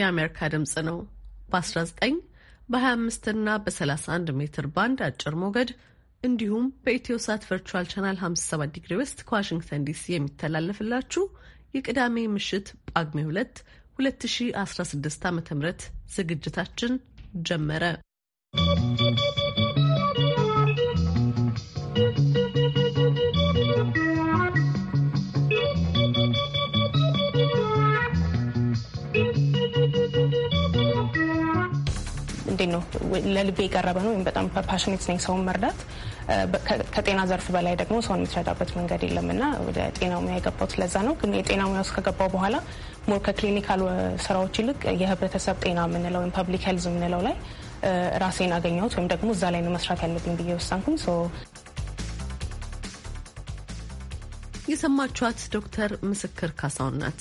የአሜሪካ ድምጽ ነው። በ19 በ25 እና በ31 ሜትር ባንድ አጭር ሞገድ እንዲሁም በኢትዮ ሳት ቨርቹዋል ቻናል 57 ዲግሪ ውስጥ ከዋሽንግተን ዲሲ የሚተላለፍላችሁ የቅዳሜ ምሽት ጳጉሜ 2 2016 ዓ ም ዝግጅታችን ጀመረ። እውነቴን ነው ለልቤ የቀረበ ነው። ወይም በጣም ፓሽኔት ነኝ ሰውን መርዳት። ከጤና ዘርፍ በላይ ደግሞ ሰውን የምትረዳበት መንገድ የለም እና ወደ ጤና ሙያ የገባሁት ለዛ ነው። ግን የጤና ሙያ ውስጥ ከገባው በኋላ ሞር ከክሊኒካል ስራዎች ይልቅ የህብረተሰብ ጤና የምንለው ወይም ፐብሊክ ሄልዝ የምንለው ላይ ራሴን አገኘሁት ወይም ደግሞ እዛ ላይ ነው መስራት ያለብኝ ብዬ ወሰንኩኝ። የሰማችኋት ዶክተር ምስክር ካሳውን ናት።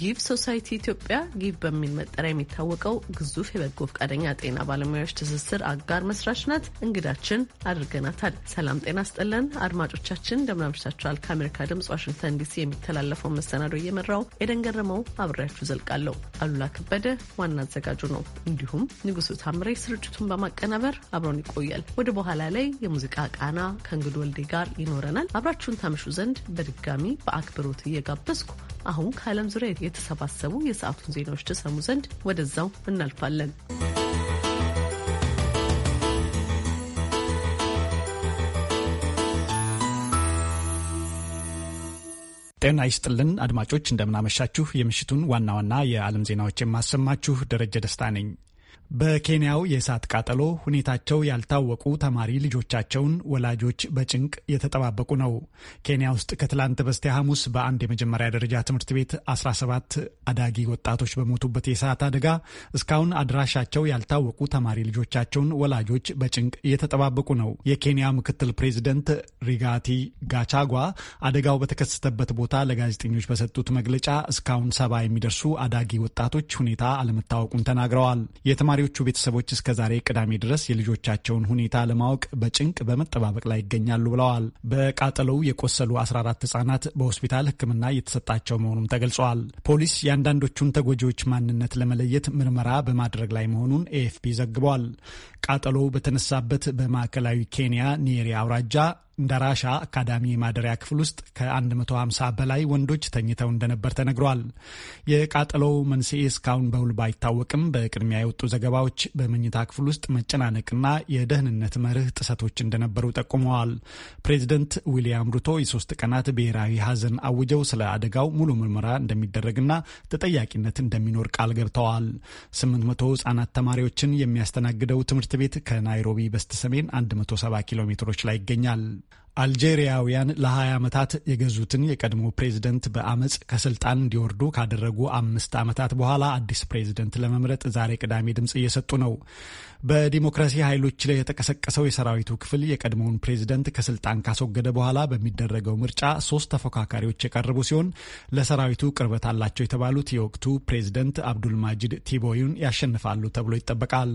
ጊቭ ሶሳይቲ ኢትዮጵያ ጊቭ በሚል መጠሪያ የሚታወቀው ግዙፍ የበጎ ፈቃደኛ ጤና ባለሙያዎች ትስስር አጋር መስራች ናት። እንግዳችን አድርገናታል። ሰላም ጤና ስጥለን አድማጮቻችን እንደምናምሽታችኋል። ከአሜሪካ ድምጽ ዋሽንግተን ዲሲ የሚተላለፈው መሰናዶ እየመራው ኤደን ገረመው አብሬያችሁ ዘልቃለሁ። አሉላ ከበደ ዋና አዘጋጁ ነው። እንዲሁም ንጉሱ ታምሬ ስርጭቱን በማቀናበር አብሮን ይቆያል። ወደ በኋላ ላይ የሙዚቃ ቃና ከእንግድ ወልዴ ጋር ይኖረናል። አብራችሁን ታምሹ ዘንድ በድጋሚ በአክብሮት እየጋበዝኩ አሁን ከዓለም ዙሪያ የተሰባሰቡ የሰዓቱን ዜናዎች ተሰሙ ዘንድ ወደዛው እናልፋለን። ጤና ይስጥልን አድማጮች፣ እንደምናመሻችሁ። የምሽቱን ዋና ዋና የዓለም ዜናዎች የማሰማችሁ ደረጀ ደስታ ነኝ። በኬንያው የእሳት ቃጠሎ ሁኔታቸው ያልታወቁ ተማሪ ልጆቻቸውን ወላጆች በጭንቅ የተጠባበቁ ነው። ኬንያ ውስጥ ከትላንት በስቲያ ሐሙስ በአንድ የመጀመሪያ ደረጃ ትምህርት ቤት 17 አዳጊ ወጣቶች በሞቱበት የእሳት አደጋ እስካሁን አድራሻቸው ያልታወቁ ተማሪ ልጆቻቸውን ወላጆች በጭንቅ እየተጠባበቁ ነው። የኬንያ ምክትል ፕሬዚደንት ሪጋቲ ጋቻጓ አደጋው በተከሰተበት ቦታ ለጋዜጠኞች በሰጡት መግለጫ እስካሁን ሰባ የሚደርሱ አዳጊ ወጣቶች ሁኔታ አለመታወቁን ተናግረዋል። የተማሪዎቹ ቤተሰቦች እስከ ዛሬ ቅዳሜ ድረስ የልጆቻቸውን ሁኔታ ለማወቅ በጭንቅ በመጠባበቅ ላይ ይገኛሉ ብለዋል። በቃጠሎው የቆሰሉ 14 ህጻናት በሆስፒታል ሕክምና እየተሰጣቸው መሆኑም ተገልጿል። ፖሊስ የአንዳንዶቹን ተጎጂዎች ማንነት ለመለየት ምርመራ በማድረግ ላይ መሆኑን ኤኤፍፒ ዘግቧል። ቃጠሎው በተነሳበት በማዕከላዊ ኬንያ ኒሪ አውራጃ እንዳራሻ አካዳሚ የማደሪያ ክፍል ውስጥ ከ150 በላይ ወንዶች ተኝተው እንደነበር ተነግሯል። የቃጠሎው መንስኤ እስካሁን በውል ባይታወቅም በቅድሚያ የወጡ ዘገባዎች በመኝታ ክፍል ውስጥ መጨናነቅና የደህንነት መርህ ጥሰቶች እንደነበሩ ጠቁመዋል። ፕሬዚደንት ዊልያም ሩቶ የሶስት ቀናት ብሔራዊ ሀዘን አውጀው ስለ አደጋው ሙሉ ምርመራ እንደሚደረግና ተጠያቂነት እንደሚኖር ቃል ገብተዋል። 800 ህጻናት ተማሪዎችን የሚያስተናግደው ትምህርት ትምህርት ቤት ከናይሮቢ በስተሰሜን 170 ኪሎ ሜትሮች ላይ ይገኛል። አልጄሪያውያን ለ20 ዓመታት የገዙትን የቀድሞ ፕሬዝደንት በአመፅ ከስልጣን እንዲወርዱ ካደረጉ አምስት ዓመታት በኋላ አዲስ ፕሬዝደንት ለመምረጥ ዛሬ ቅዳሜ ድምፅ እየሰጡ ነው። በዲሞክራሲ ኃይሎች ላይ የተቀሰቀሰው የሰራዊቱ ክፍል የቀድሞውን ፕሬዝደንት ከስልጣን ካስወገደ በኋላ በሚደረገው ምርጫ ሶስት ተፎካካሪዎች የቀረቡ ሲሆን ለሰራዊቱ ቅርበት አላቸው የተባሉት የወቅቱ ፕሬዝደንት አብዱልማጂድ ቲቦዩን ያሸንፋሉ ተብሎ ይጠበቃል።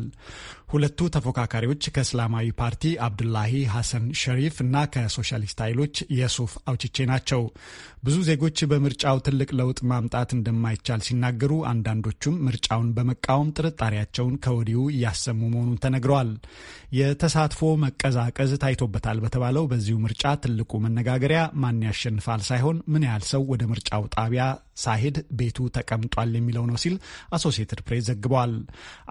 ሁለቱ ተፎካካሪዎች ከእስላማዊ ፓርቲ አብዱላሂ ሐሰን ሸሪፍ እና ከ የሶሻሊስት ኃይሎች የሱፍ አውችቼ ናቸው። ብዙ ዜጎች በምርጫው ትልቅ ለውጥ ማምጣት እንደማይቻል ሲናገሩ፣ አንዳንዶቹም ምርጫውን በመቃወም ጥርጣሬያቸውን ከወዲሁ እያሰሙ መሆኑን ተነግረዋል። የተሳትፎ መቀዛቀዝ ታይቶበታል በተባለው በዚሁ ምርጫ ትልቁ መነጋገሪያ ማን ያሸንፋል ሳይሆን ምን ያህል ሰው ወደ ምርጫው ጣቢያ ሳሄድ ቤቱ ተቀምጧል የሚለው ነው ሲል አሶሲየትድ ፕሬስ ዘግበዋል።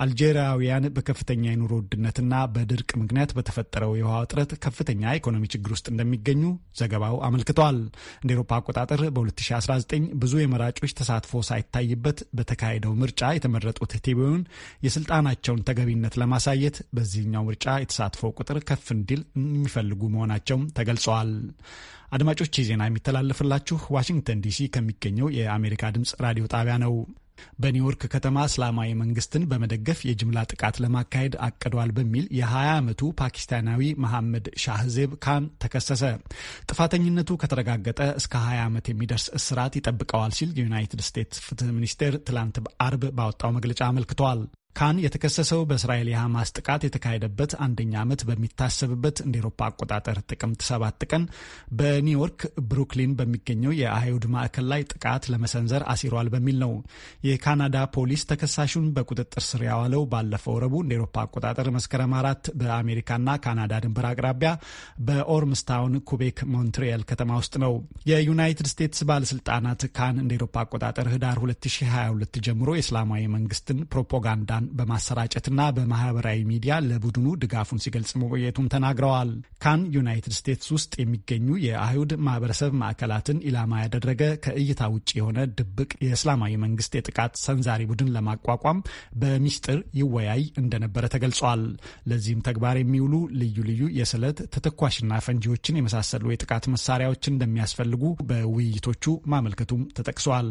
አልጄሪያውያን በከፍተኛ የኑሮ ውድነትና በድርቅ ምክንያት በተፈጠረው የውሃ እጥረት ከፍተኛ ኢኮኖሚ ችግር ውስጥ እንደሚገኙ ዘገባው አመልክተዋል። እንደ ኤሮፓ አቆጣጠር በ2019 ብዙ የመራጮች ተሳትፎ ሳይታይበት በተካሄደው ምርጫ የተመረጡት ቲቢዩን የስልጣናቸውን ተገቢነት ለማሳየት በዚህኛው ምርጫ የተሳትፎ ቁጥር ከፍ እንዲል የሚፈልጉ መሆናቸውም ተገልጸዋል። አድማጮች፣ ዜና የሚተላለፍላችሁ ዋሽንግተን ዲሲ ከሚገኘው የአሜሪካ ድምፅ ራዲዮ ጣቢያ ነው። በኒውዮርክ ከተማ እስላማዊ መንግስትን በመደገፍ የጅምላ ጥቃት ለማካሄድ አቅዷል በሚል የ20 ዓመቱ ፓኪስታናዊ መሐመድ ሻህዜብ ካን ተከሰሰ። ጥፋተኝነቱ ከተረጋገጠ እስከ 20 ዓመት የሚደርስ እስራት ይጠብቀዋል ሲል የዩናይትድ ስቴትስ ፍትህ ሚኒስቴር ትላንት አርብ ባወጣው መግለጫ አመልክተዋል። ካን የተከሰሰው በእስራኤል የሐማስ ጥቃት የተካሄደበት አንደኛ ዓመት በሚታሰብበት እንደ ኤሮፓ አቆጣጠር ጥቅምት ሰባት ቀን በኒውዮርክ ብሩክሊን በሚገኘው የአይሁድ ማዕከል ላይ ጥቃት ለመሰንዘር አሲሯል በሚል ነው። የካናዳ ፖሊስ ተከሳሹን በቁጥጥር ስር ያዋለው ባለፈው ረቡዕ እንደ ኤሮፓ አቆጣጠር መስከረም አራት በአሜሪካና ካናዳ ድንበር አቅራቢያ በኦርምስታውን ኩቤክ ሞንትሪያል ከተማ ውስጥ ነው። የዩናይትድ ስቴትስ ባለስልጣናት ካን እንደ ኤሮፓ አቆጣጠር ህዳር 2022 ጀምሮ የእስላማዊ መንግስትን ፕሮፓጋንዳ መረጃን በማሰራጨትና በማህበራዊ ሚዲያ ለቡድኑ ድጋፉን ሲገልጽ መቆየቱም ተናግረዋል። ካን ዩናይትድ ስቴትስ ውስጥ የሚገኙ የአይሁድ ማህበረሰብ ማዕከላትን ኢላማ ያደረገ ከእይታ ውጭ የሆነ ድብቅ የእስላማዊ መንግስት የጥቃት ሰንዛሪ ቡድን ለማቋቋም በሚስጥር ይወያይ እንደነበረ ተገልጿል። ለዚህም ተግባር የሚውሉ ልዩ ልዩ የስለት ተተኳሽና ፈንጂዎችን የመሳሰሉ የጥቃት መሳሪያዎች እንደሚያስፈልጉ በውይይቶቹ ማመልከቱም ተጠቅሷል።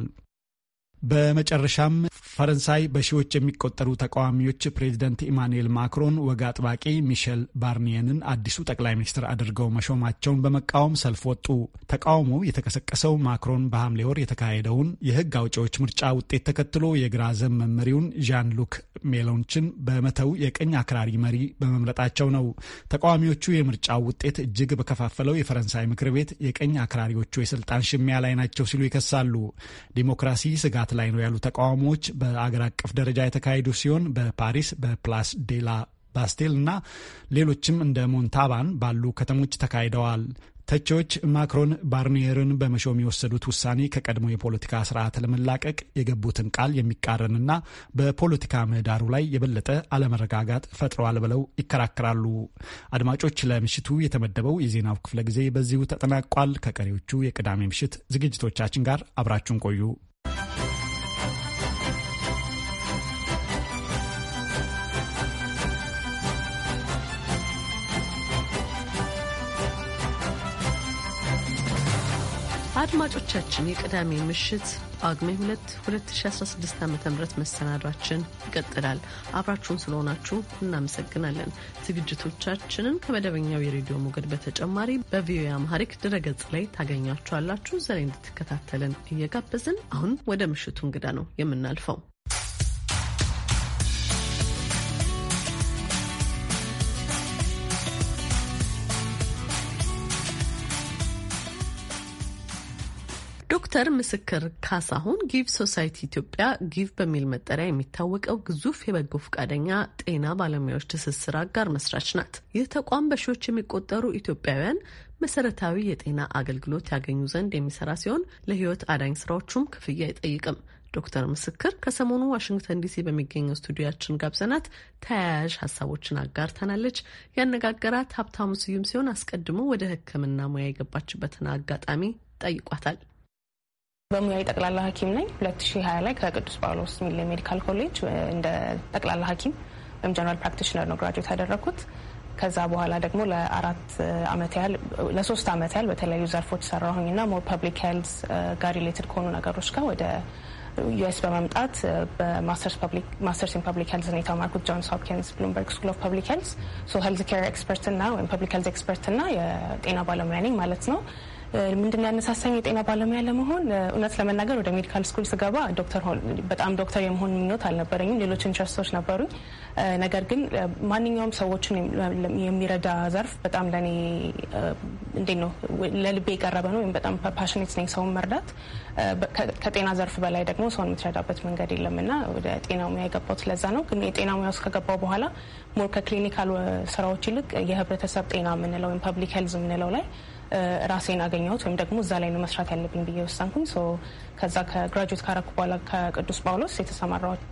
በመጨረሻም ፈረንሳይ በሺዎች የሚቆጠሩ ተቃዋሚዎች ፕሬዚደንት ኢማኑኤል ማክሮን ወግ አጥባቂ ሚሸል ባርኒየንን አዲሱ ጠቅላይ ሚኒስትር አድርገው መሾማቸውን በመቃወም ሰልፍ ወጡ። ተቃውሞው የተቀሰቀሰው ማክሮን በሐምሌ ወር የተካሄደውን የሕግ አውጪዎች ምርጫ ውጤት ተከትሎ የግራ ዘመም መሪውን ዣን ሉክ ሜሎንችን በመተው የቀኝ አክራሪ መሪ በመምረጣቸው ነው። ተቃዋሚዎቹ የምርጫው ውጤት እጅግ በከፋፈለው የፈረንሳይ ምክር ቤት የቀኝ አክራሪዎቹ የስልጣን ሽሚያ ላይ ናቸው ሲሉ ይከሳሉ። ዲሞክራሲ ስጋት በመምራት ላይ ነው ያሉ ተቃውሞዎች በአገር አቀፍ ደረጃ የተካሄዱ ሲሆን በፓሪስ በፕላስ ዴላ ባስቴል እና ሌሎችም እንደ ሞንታባን ባሉ ከተሞች ተካሂደዋል። ተቺዎች ማክሮን ባርኒየርን በመሾም የወሰዱት ውሳኔ ከቀድሞ የፖለቲካ ስርዓት ለመላቀቅ የገቡትን ቃል የሚቃረንና በፖለቲካ ምህዳሩ ላይ የበለጠ አለመረጋጋት ፈጥረዋል ብለው ይከራከራሉ። አድማጮች፣ ለምሽቱ የተመደበው የዜናው ክፍለ ጊዜ በዚሁ ተጠናቋል። ከቀሪዎቹ የቅዳሜ ምሽት ዝግጅቶቻችን ጋር አብራችሁን ቆዩ። አድማጮቻችን የቅዳሜ ምሽት ጳጉሜ 2 2016 ዓ ም መሰናዷችን ይቀጥላል። አብራችሁን ስለሆናችሁ እናመሰግናለን። ዝግጅቶቻችንን ከመደበኛው የሬዲዮ ሞገድ በተጨማሪ በቪኦኤ አማሪክ ድረገጽ ላይ ታገኛችኋላችሁ። ዛሬ እንድትከታተልን እየጋበዝን አሁን ወደ ምሽቱ እንግዳ ነው የምናልፈው። ዶክተር ምስክር ካሳሁን ጊቭ ሶሳይቲ ኢትዮጵያ ጊቭ በሚል መጠሪያ የሚታወቀው ግዙፍ የበጎ ፈቃደኛ ጤና ባለሙያዎች ትስስር አጋር መስራች ናት። ይህ ተቋም በሺዎች የሚቆጠሩ ኢትዮጵያውያን መሰረታዊ የጤና አገልግሎት ያገኙ ዘንድ የሚሰራ ሲሆን ለሕይወት አዳኝ ስራዎቹም ክፍያ አይጠይቅም። ዶክተር ምስክር ከሰሞኑ ዋሽንግተን ዲሲ በሚገኘው ስቱዲያችን ጋብዘናት ተያያዥ ሀሳቦችን አጋርተናለች። ያነጋገራት ሀብታሙ ስዩም ሲሆን አስቀድሞ ወደ ሕክምና ሙያ የገባችበትን አጋጣሚ ጠይቋታል። በሙያዬ ጠቅላላ ሐኪም ነኝ። 2020 ላይ ከቅዱስ ጳውሎስ ሚል ሜዲካል ኮሌጅ እንደ ጠቅላላ ሐኪም ወይም ጀነራል ፕራክቲሽነር ነው ግራጁዌት ያደረግኩት። ከዛ በኋላ ደግሞ ለአራት አመት ያህል ለሶስት አመት ያህል በተለያዩ ዘርፎች ሰራሁኝ ና ሞር ፐብሊክ ሄልዝ ጋር ሪሌትድ ከሆኑ ነገሮች ጋር ወደ ዩኤስ በመምጣት በማስተርስ ኢን ፐብሊክ ሄልዝ ነው የተማርኩት። ጆንስ ሆፕኪንስ ብሉምበርግ ስኩል ኦፍ ፐብሊክ ሄልዝ ሶ ሄልዝ ኬር ኤክስፐርት ና ወይም ፐብሊክ ሄልዝ ኤክስፐርት ና የጤና ባለሙያ ነኝ ማለት ነው። ምንድን ያነሳሳኝ የጤና ባለሙያ ለመሆን እውነት ለመናገር ወደ ሜዲካል ስኩል ስገባ ዶክተር በጣም ዶክተር የመሆን ምኞት አልነበረኝም። ሌሎች ኢንትረስቶች ነበሩኝ። ነገር ግን ማንኛውም ሰዎችን የሚረዳ ዘርፍ በጣም ለእኔ እንዴት ነው ለልቤ የቀረበ ነው ወይም በጣም ፓሽኔት ነኝ ሰውን መርዳት። ከጤና ዘርፍ በላይ ደግሞ ሰውን የምትረዳበት መንገድ የለም እና ወደ ጤና ሙያ የገባሁት ለዛ ነው። ግን የጤና ሙያ ውስጥ ከገባው በኋላ ሞር ከክሊኒካል ስራዎች ይልቅ የህብረተሰብ ጤና የምንለው ወይም ፐብሊክ ሄልዝ የምንለው ላይ ራሴን አገኘሁት ወይም ደግሞ እዛ ላይ ነው መስራት ያለብኝ ብዬ ወሰንኩኝ። ከዛ ከግራጁዌት ካረኩ በኋላ ከቅዱስ ጳውሎስ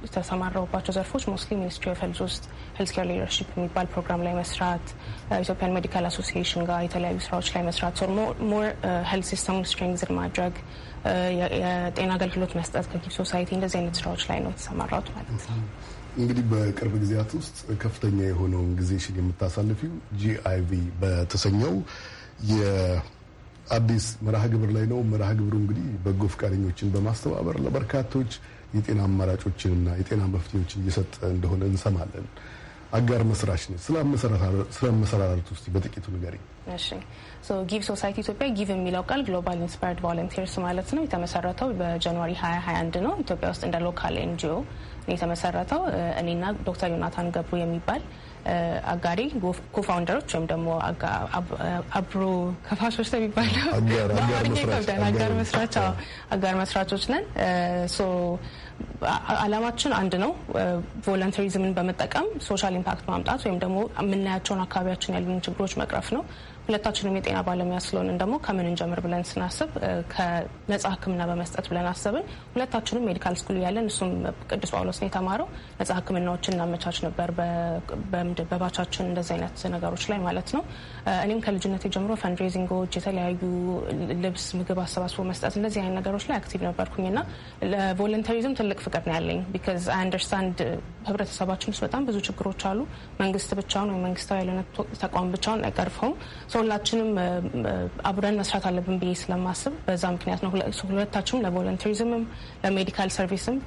የተሰማራሁባቸው ዘርፎች ሞስሊ ሚኒስትሪ ኦፍ ሄልዝ ውስጥ ሄልዝ ኬር ሊደርሺፕ የሚባል ፕሮግራም ላይ መስራት፣ ኢትዮጵያን ሜዲካል አሶሲዬሽን ጋር የተለያዩ ስራዎች ላይ መስራት፣ ሞር ሄልዝ ሲስተሙን ስትሬንግዝን ማድረግ፣ የጤና አገልግሎት መስጠት ከጊብ ሶሳይቲ እንደዚህ አይነት ስራዎች ላይ ነው የተሰማራሁት ማለት ነው። እንግዲህ በቅርብ ጊዜያት ውስጥ ከፍተኛ የሆነውን ጊዜሽን የምታሳልፊው ጂአይቪ በተሰኘው የአዲስ መርሃ ግብር ላይ ነው። መርሃ ግብሩ እንግዲህ በጎ ፈቃደኞችን በማስተባበር ለበርካቶች የጤና አማራጮችንና የጤና መፍትሄዎችን እየሰጠ እንደሆነ እንሰማለን። አጋር መስራች ነች። ስለ መሰራረት ውስጥ በጥቂቱ ንገሪኝ። ጊቭ ሶሳይቲ ኢትዮጵያ ጊቭ የሚለው ቃል ግሎባል ኢንስፓየርድ ቮለንቲርስ ማለት ነው። የተመሰረተው በጃንዋሪ 2021 ነው። ኢትዮጵያ ውስጥ እንደ ሎካል ኤንጂኦ የተመሰረተው እኔና ዶክተር ዮናታን ገብሩ የሚባል አጋሪ ኮፋውንደሮች ወይም ደግሞ አብሮ ከፋሾች ነው የሚባለው በአማርኛ ይከብዳል። አጋር መስራች አጋር መስራቾች ነን። አላማችን አንድ ነው። ቮለንተሪዝምን በመጠቀም ሶሻል ኢምፓክት ማምጣት ወይም ደግሞ የምናያቸውን አካባቢያችን ያሉን ችግሮች መቅረፍ ነው። ሁለታችንም የጤና ባለሙያ ስለሆንን ደግሞ ከምን ጀምር ብለን ስናስብ ከነጻ ሕክምና በመስጠት ብለን አሰብን። ሁለታችንም ሜዲካል ስኩል እያለን እሱም ቅዱስ ጳውሎስን የተማረው ነጻ ሕክምናዎችን እናመቻች ነበር በባቻችን እንደዚህ አይነት ነገሮች ላይ ማለት ነው። እኔም ከልጅነት ጀምሮ ፈንድሬዚንጎች፣ የተለያዩ ልብስ፣ ምግብ አሰባስቦ መስጠት እንደዚህ አይነት ነገሮች ላይ አክቲቭ ነበርኩኝና ለቮለንተሪዝም ትልቅ ፍቅር ነው ያለኝ። ቢካዝ አይ አንደርስታንድ ህብረተሰባችን ውስጥ በጣም ብዙ ችግሮች አሉ። መንግስት ብቻውን ወይም መንግስታዊ ያልሆነ ተቋም ብቻውን አይቀርፈውም። ሁላችንም አብረን መስራት አለብን ብዬ ስለማስብ በዛ ምክንያት ነው ሁለታችንም ለቮለንቲሪዝምም ለሜዲካል ሰርቪስም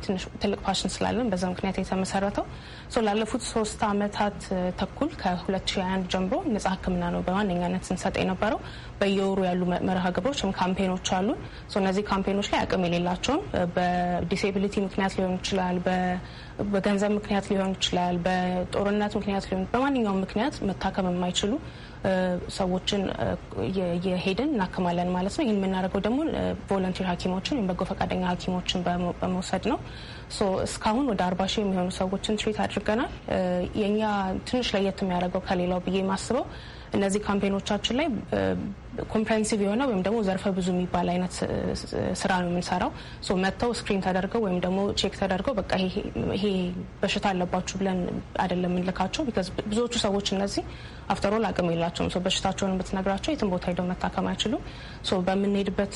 ትልቅ ፓሽን ስላለን በዛ ምክንያት የተመሰረተው ላለፉት ሶስት አመታት ተኩል ከ2021 ጀምሮ ነጻ ህክምና ነው በዋነኛነት ስንሰጥ የነበረው። በየወሩ ያሉ መርሃ ግብሮች ወይም ካምፔኖች አሉ። እነዚህ ካምፔኖች ላይ አቅም የሌላቸውን በዲሴቢሊቲ ምክንያት ሊሆን ይችላል፣ በገንዘብ ምክንያት ሊሆን ይችላል፣ በጦርነት ምክንያት ሊሆን በማንኛውም ምክንያት መታከም የማይችሉ ሰዎችን የሄድን እናክማለን ማለት ነው። ይህን የምናደርገው ደግሞ ቮለንቲር ሐኪሞችን ወይም በጎ ፈቃደኛ ሐኪሞችን በመውሰድ ነው። እስካሁን ወደ አርባ ሺህ የሚሆኑ ሰዎችን ትሪት አድርገናል። የእኛ ትንሽ ለየት የሚያደርገው ከሌላው ብዬ ማስበው እነዚህ ካምፔኖቻችን ላይ ኮምፕሬንሲቭ የሆነ ወይም ደግሞ ዘርፈ ብዙ የሚባል አይነት ስራ ነው የምንሰራው። መጥተው ስክሪን ተደርገው ወይም ደግሞ ቼክ ተደርገው በቃ ይሄ በሽታ አለባችሁ ብለን አይደለም የምንልካቸው። ቢካዝ ብዙዎቹ ሰዎች እነዚህ አፍተሮል አቅም የላቸውም። በሽታቸውን የምትነግራቸው የትም ቦታ ሄደው መታከም አይችሉም። በምንሄድበት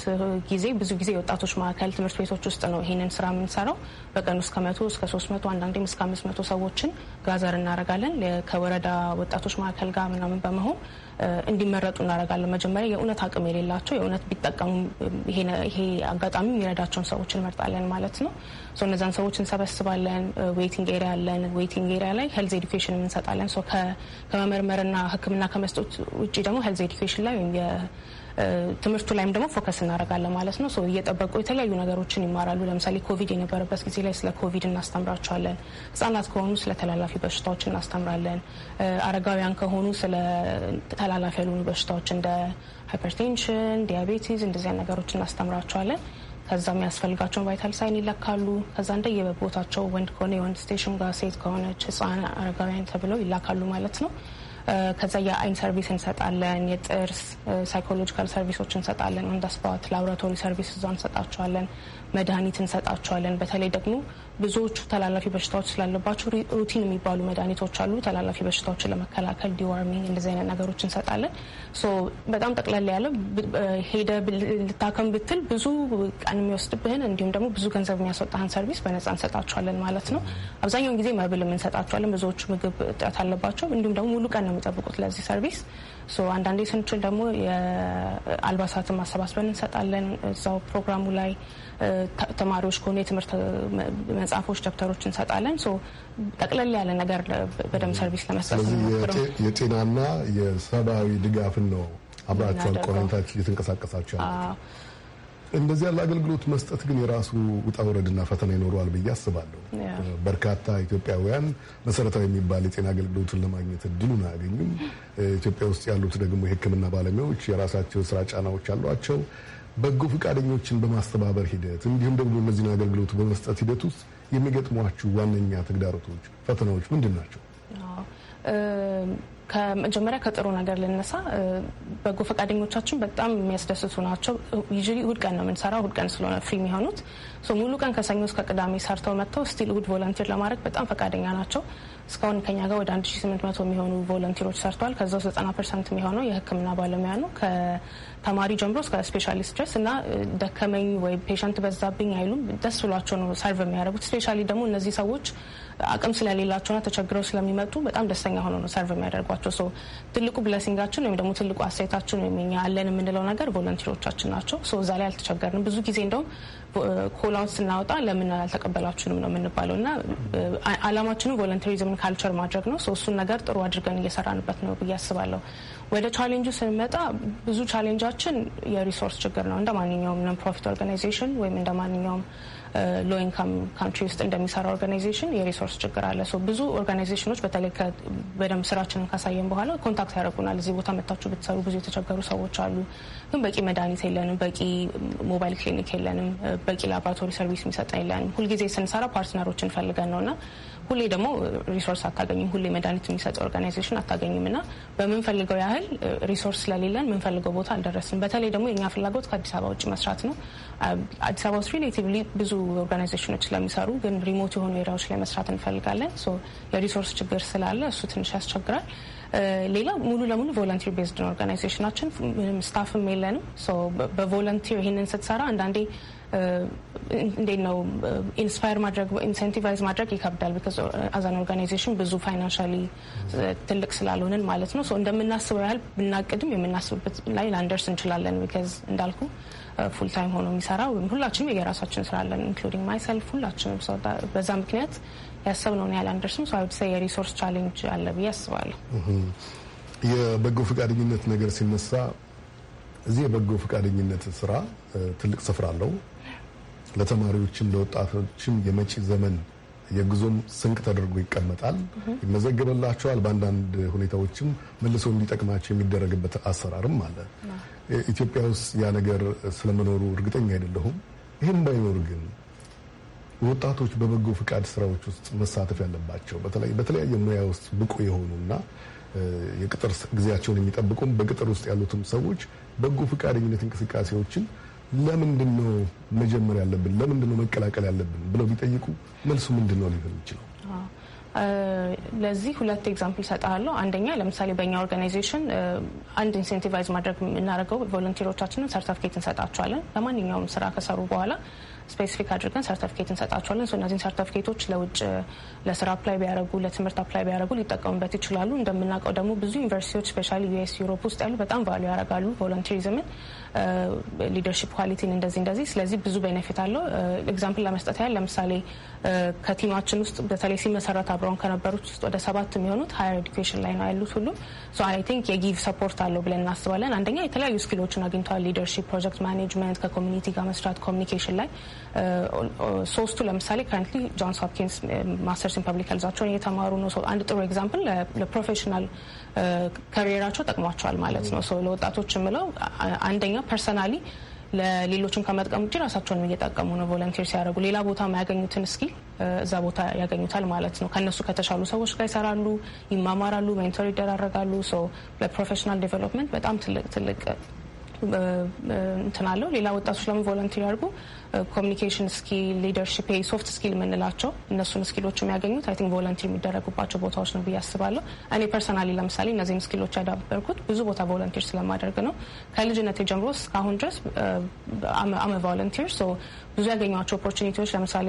ጊዜ ብዙ ጊዜ የወጣቶች ማዕከል ትምህርት ቤቶች ውስጥ ነው ይህንን ስራ የምንሰራው። በቀን ውስጥ ከመቶ እስከ ሶስት መቶ አንዳንዴም እስከ አምስት መቶ ሰዎችን ጋዘር እናደርጋለን ከወረዳ ወጣቶች ማዕከል ጋር ምናምን በመሆን እንዲመረጡ እናደርጋለን። መጀመሪያ የእውነት አቅም የሌላቸው የእውነት ቢጠቀሙ ይሄ አጋጣሚ የሚረዳቸውን ሰዎች እንመርጣለን ማለት ነው። እነዛን ሰዎች እንሰበስባለን። ዌይቲንግ ኤሪያ አለን። ዌይቲንግ ኤሪያ ላይ ሄልዝ ኤዱኬሽን እንሰጣለን። ከመመርመርና ሕክምና ከመስጠት ውጭ ደግሞ ሄልዝ ኤዱኬሽን ላይ ወይም ትምህርቱ ላይም ደግሞ ፎከስ እናደርጋለን ማለት ነው። እየጠበቁ የተለያዩ ነገሮችን ይማራሉ። ለምሳሌ ኮቪድ የነበረበት ጊዜ ላይ ስለ ኮቪድ እናስተምራቸዋለን። ህጻናት ከሆኑ ስለ ተላላፊ በሽታዎች እናስተምራለን። አረጋውያን ከሆኑ ስለ ተላላፊ ያልሆኑ በሽታዎች እንደ ሃይፐርቴንሽን፣ ዲያቤቲስ እንደዚያን ነገሮች እናስተምራቸዋለን። ከዛ የሚያስፈልጋቸውን ቫይታል ሳይን ይለካሉ። ከዛ እንደየቦታቸው ወንድ ከሆነ የወንድ ስቴሽን ጋር፣ ሴት ከሆነች ህጻን፣ አረጋውያን ተብለው ይላካሉ ማለት ነው። ከዛ የአይን ሰርቪስ እንሰጣለን፣ የጥርስ ሳይኮሎጂካል ሰርቪሶች እንሰጣለን። አንዳስባት ላብራቶሪ ሰርቪስ እዛ እንሰጣቸዋለን። መድኃኒት እንሰጣቸዋለን። በተለይ ደግሞ ብዙዎቹ ተላላፊ በሽታዎች ስላለባቸው ሩቲን የሚባሉ መድኃኒቶች አሉ። ተላላፊ በሽታዎችን ለመከላከል ዲዋርሚ፣ እንደዚህ አይነት ነገሮች እንሰጣለን። ሶ በጣም ጠቅላላ ያለ ሄደ ልታከም ብትል ብዙ ቀን የሚወስድብህን እንዲሁም ደግሞ ብዙ ገንዘብ የሚያስወጣህን ሰርቪስ በነጻ እንሰጣቸዋለን ማለት ነው። አብዛኛውን ጊዜ መብልም እንሰጣቸዋለን። ብዙዎቹ ምግብ እጥረት አለባቸው። እንዲሁም ደግሞ ሙሉ ቀን ነው የሚጠብቁት ለዚህ ሰርቪስ አንዳንዴ ስንችል ደግሞ የአልባሳትን ማሰባስበን እንሰጣለን። እዛው ፕሮግራሙ ላይ ተማሪዎች ከሆኑ የትምህርት መጽሐፎች፣ ደብተሮች እንሰጣለን። ጠቅለል ያለ ነገር በደም ሰርቪስ ለመስጠት የጤናና የሰብአዊ ድጋፍን ነው አብራችኋል ቆናንታችሁ እየተንቀሳቀሳችሁ እንደዚህ ያለ አገልግሎት መስጠት ግን የራሱ ውጣ ውረድና ፈተና ይኖረዋል ብዬ አስባለሁ። በርካታ ኢትዮጵያውያን መሰረታዊ የሚባል የጤና አገልግሎትን ለማግኘት እድሉን አያገኙም። ኢትዮጵያ ውስጥ ያሉት ደግሞ የሕክምና ባለሙያዎች የራሳቸው ስራ ጫናዎች አሏቸው። በጎ ፈቃደኞችን በማስተባበር ሂደት እንዲሁም ደግሞ እነዚህን አገልግሎት በመስጠት ሂደት ውስጥ የሚገጥሟችሁ ዋነኛ ተግዳሮቶች፣ ፈተናዎች ምንድን ናቸው? ከመጀመሪያ ከጥሩ ነገር ልነሳ። በጎ ፈቃደኞቻችን በጣም የሚያስደስቱ ናቸው። ዩ እሁድ ቀን ነው የምንሰራ። እሁድ ቀን ስለሆነ ፍሪ የሚሆኑት ሙሉ ቀን ከሰኞ እስከ ቅዳሜ ሰርተው መጥተው ስቲል እሁድ ቮለንቲር ለማድረግ በጣም ፈቃደኛ ናቸው። እስካሁን ከኛ ጋር ወደ 1800 የሚሆኑ ቮለንቲሮች ሰርተዋል። ከዛ ውስጥ 90 ፐርሰንት የሚሆነው የህክምና ባለሙያ ነው ከተማሪ ጀምሮ እስከ ስፔሻሊስት ድረስ እና ደከመኝ ወይ ፔሸንት በዛብኝ አይሉም። ደስ ብሏቸው ነው ሰርቭ የሚያደርጉት። ስፔሻሊ ደግሞ እነዚህ ሰዎች አቅም ስለሌላቸውና ተቸግረው ስለሚመጡ በጣም ደስተኛ ሆነ ነው ሰርቭ የሚያደርጓቸው። ሰው ትልቁ ብለሲንጋችን ወይም ደግሞ ትልቁ አስተያየታችን ወይም እኛ አለን የምንለው ነገር ቮለንቲሮቻችን ናቸው። እዛ ላይ አልተቸገርንም። ብዙ ጊዜ እንደውም ኮላውን ስናወጣ ለምን አልተቀበላችሁንም ነው የምንባለው እና አላማችንም ቮለንተሪዝምን ካልቸር ማድረግ ነው። እሱን ነገር ጥሩ አድርገን እየሰራንበት ነው ብዬ አስባለሁ። ወደ ቻሌንጁ ስንመጣ ብዙ ቻሌንጃችን የሪሶርስ ችግር ነው። እንደ ማንኛውም ነን ፕሮፊት ኦርጋናይዜሽን ወይም እንደ ማንኛውም ሎ ኢንካም ካንትሪ ውስጥ እንደሚሰራ ኦርጋናይዜሽን የሪሶርስ ችግር አለ። ብዙ ኦርጋናይዜሽኖች በተለይ በደንብ ስራችንን ካሳየን በኋላ ኮንታክት ያደርጉናል። እዚህ ቦታ መታችሁ ብትሰሩ ብዙ የተቸገሩ ሰዎች አሉ፣ ግን በቂ መድኃኒት የለንም፣ በቂ ሞባይል ክሊኒክ የለንም፣ በቂ ላቦራቶሪ ሰርቪስ የሚሰጠን የለንም። ሁልጊዜ ስንሰራ ፓርትነሮች እንፈልገን ነውና ሁሌ ደግሞ ሪሶርስ አታገኝም። ሁሌ መድኃኒት የሚሰጥ ኦርጋናይዜሽን አታገኝም እና በምንፈልገው ያህል ሪሶርስ ስለሌለን ምንፈልገው ቦታ አልደረስም። በተለይ ደግሞ የእኛ ፍላጎት ከአዲስ አበባ ውጭ መስራት ነው። አዲስ አበባ ውስጥ ሪሌቲቭሊ ብዙ ኦርጋናይዜሽኖች ስለሚሰሩ ግን ሪሞት የሆኑ ኤሪያዎች ላይ መስራት እንፈልጋለን። የሪሶርስ ችግር ስላለ እሱ ትንሽ ያስቸግራል። ሌላ ሙሉ ለሙሉ ቮለንቲር ቤዝድን ኦርጋናይዜሽናችን ምንም ስታፍም የለንም። በቮለንቲር ይህንን ስትሰራ አንዳንዴ እንዴት ነው ኢንስፓየር ማድረግ ኢንሴንቲቫይዝ ማድረግ ይከብዳል። ቢካዝ አዛን ኦርጋናይዜሽን ብዙ ፋይናንሻሊ ትልቅ ስላልሆንን ማለት ነው። እንደምናስበው ያህል ብናቅድም የምናስብበት ላይ ላንደርስ እንችላለን። ቢካዝ እንዳልኩ ፉል ታይም ሆኖ የሚሰራ ወይም ሁላችንም የየራሳችን ስራ አለን ኢንክሉዲንግ ማይሰልፍ ሁላችንም። በዛ ምክንያት ያሰብነውን ያህል አንደርስም። ሰው የሪሶርስ ቻሌንጅ አለ ብዬ አስባለሁ። የበጎ ፈቃደኝነት ነገር ሲነሳ እዚህ የበጎ ፈቃደኝነት ስራ ትልቅ ስፍራ አለው። ለተማሪዎችም ለወጣቶችም የመጪ ዘመን የጉዞም ስንቅ ተደርጎ ይቀመጣል፣ ይመዘግበላቸዋል። በአንዳንድ ሁኔታዎችም መልሶ እንዲጠቅማቸው የሚደረግበት አሰራርም አለ። ኢትዮጵያ ውስጥ ያ ነገር ስለመኖሩ እርግጠኛ አይደለሁም። ይህም ባይኖር ግን ወጣቶች በበጎ ፈቃድ ስራዎች ውስጥ መሳተፍ ያለባቸው በተለይ በተለያየ ሙያ ውስጥ ብቁ የሆኑና የቅጥር ጊዜያቸውን የሚጠብቁም በቅጥር ውስጥ ያሉትም ሰዎች በጎ ፍቃደኝነት እንቅስቃሴዎችን ለምንድን ነው መጀመር ያለብን፣ ለምንድን ነው መቀላቀል ያለብን ብለው ቢጠይቁ መልሱ ምንድን ነው ሊሆን ይችላል? ለዚህ ሁለት ኤግዛምፕል ሰጠሃለሁ። አንደኛ ለምሳሌ በእኛ ኦርጋናይዜሽን አንድ ኢንሴንቲቫይዝ ማድረግ የምናደርገው ቮለንቲሮቻችንን ሰርተፍኬት እንሰጣቸዋለን። ለማንኛውም ስራ ከሰሩ በኋላ ስፔሲፊክ አድርገን ሰርተፍኬት እንሰጣቸዋለን። እነዚህን ሰርተፍኬቶች ለውጭ ለስራ አፕላይ ቢያደርጉ፣ ለትምህርት አፕላይ ቢያደርጉ ሊጠቀሙበት ይችላሉ። እንደምናውቀው ደግሞ ብዙ ዩኒቨርሲቲዎች ስፔሻሊ ዩኤስ ዩሮፕ ውስጥ ያሉ በጣም ቫሉ ያደርጋሉ ቮለንቲሪዝምን፣ ሊደርሽፕ ኳሊቲን እንደዚህ እንደዚህ። ስለዚህ ብዙ ቤኔፊት አለው። ኤግዛምፕል ለመስጠት ያህል ለምሳሌ ከቲማችን ውስጥ በተለይ ሲመሰረት አብረውን ከነበሩት ውስጥ ወደ ሰባት የሚሆኑት ሀየር ኤዱኬሽን ላይ ነው ያሉት። ሁሉም አይ ቲንክ የጊቭ ሰፖርት አለው ብለን እናስባለን። አንደኛ የተለያዩ ስኪሎችን አግኝተዋል። ሊደርሺፕ፣ ፕሮጀክት ማኔጅመንት፣ ከኮሚኒቲ ጋር መስራት፣ ኮሚኒኬሽን ላይ ሶስቱ ለምሳሌ ከረንትሊ ጆንስ ሆፕኪንስ ማስተርስ ኢን ፐብሊክ ሄልዛቸውን እየተማሩ ነው። አንድ ጥሩ ኤግዛምፕል ለፕሮፌሽናል ከሪየራቸው ጠቅሟቸዋል ማለት ነው። ለወጣቶች የምለው አንደኛው ፐርሰናሊ ለሌሎችም ከመጥቀም ውጭ ራሳቸውንም እየጠቀሙ ነው። ቮለንቲር ሲያደርጉ ሌላ ቦታ ማያገኙትን እስኪ እዛ ቦታ ያገኙታል ማለት ነው። ከነሱ ከተሻሉ ሰዎች ጋር ይሰራሉ፣ ይማማራሉ፣ ሜንቶር ይደራረጋሉ። ለፕሮፌሽናል ዴቨሎፕመንት በጣም ትልቅ ትልቅ እንትን አለው። ሌላ ወጣቶች ለምን ቮለንቲር ያርጉ ኮሚኒኬሽን ስኪል፣ ሊደርሽፕ፣ ሶፍት ስኪል የምንላቸው እነሱን ስኪሎች የሚያገኙት አይ ቲንክ ቮለንቲር የሚደረጉባቸው ቦታዎች ነው ብዬ አስባለሁ። እኔ ፐርሰናሊ ለምሳሌ እነዚህን ስኪሎች ያዳበርኩት ብዙ ቦታ ቮለንቲር ስለማደርግ ነው። ከልጅነት ጀምሮ እስካሁን ድረስ አመ uh, ቮለንቲር ብዙ ያገኟቸው ኦፖርቹኒቲዎች ለምሳሌ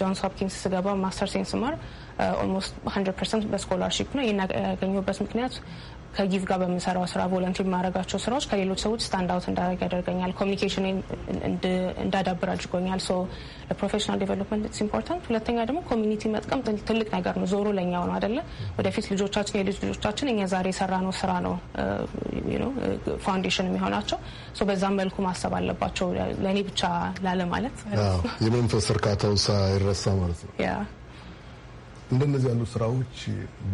ጆንስ uh, ሆፕኪንስ ስገባ ማስተር ሴንስ ማር ኦልሞስት 100 ፐርሰንት በስኮላርሺፕ ነው። ይህን ያገኘሁበት ምክንያት ከጊቭ ጋር በምሰራው ስራ ቮለንቲር የማደርጋቸው ስራዎች ከሌሎች ሰዎች ስታንድ አውት እንዳደረግ ያደርገኛል። ኮሚኒኬሽን እንዳዳብር አድርጎኛል። ሶ ለፕሮፌሽናል ዴቨሎፕመንት ኢትስ ኢምፖርታንት። ሁለተኛ ደግሞ ኮሚኒቲ መጥቀም ትልቅ ነገር ነው። ዞሮ ለእኛው ነው አደለ? ወደፊት ልጆቻችን የልጅ ልጆቻችን እኛ ዛሬ የሰራ ነው ስራ ነው ፋውንዴሽን የሚሆናቸው። በዛም መልኩ ማሰብ አለባቸው። ለእኔ ብቻ ላለማለት የመንፈስ እርካታው ሳይረሳ ማለት ነው። እንደነዚህ ያሉ ስራዎች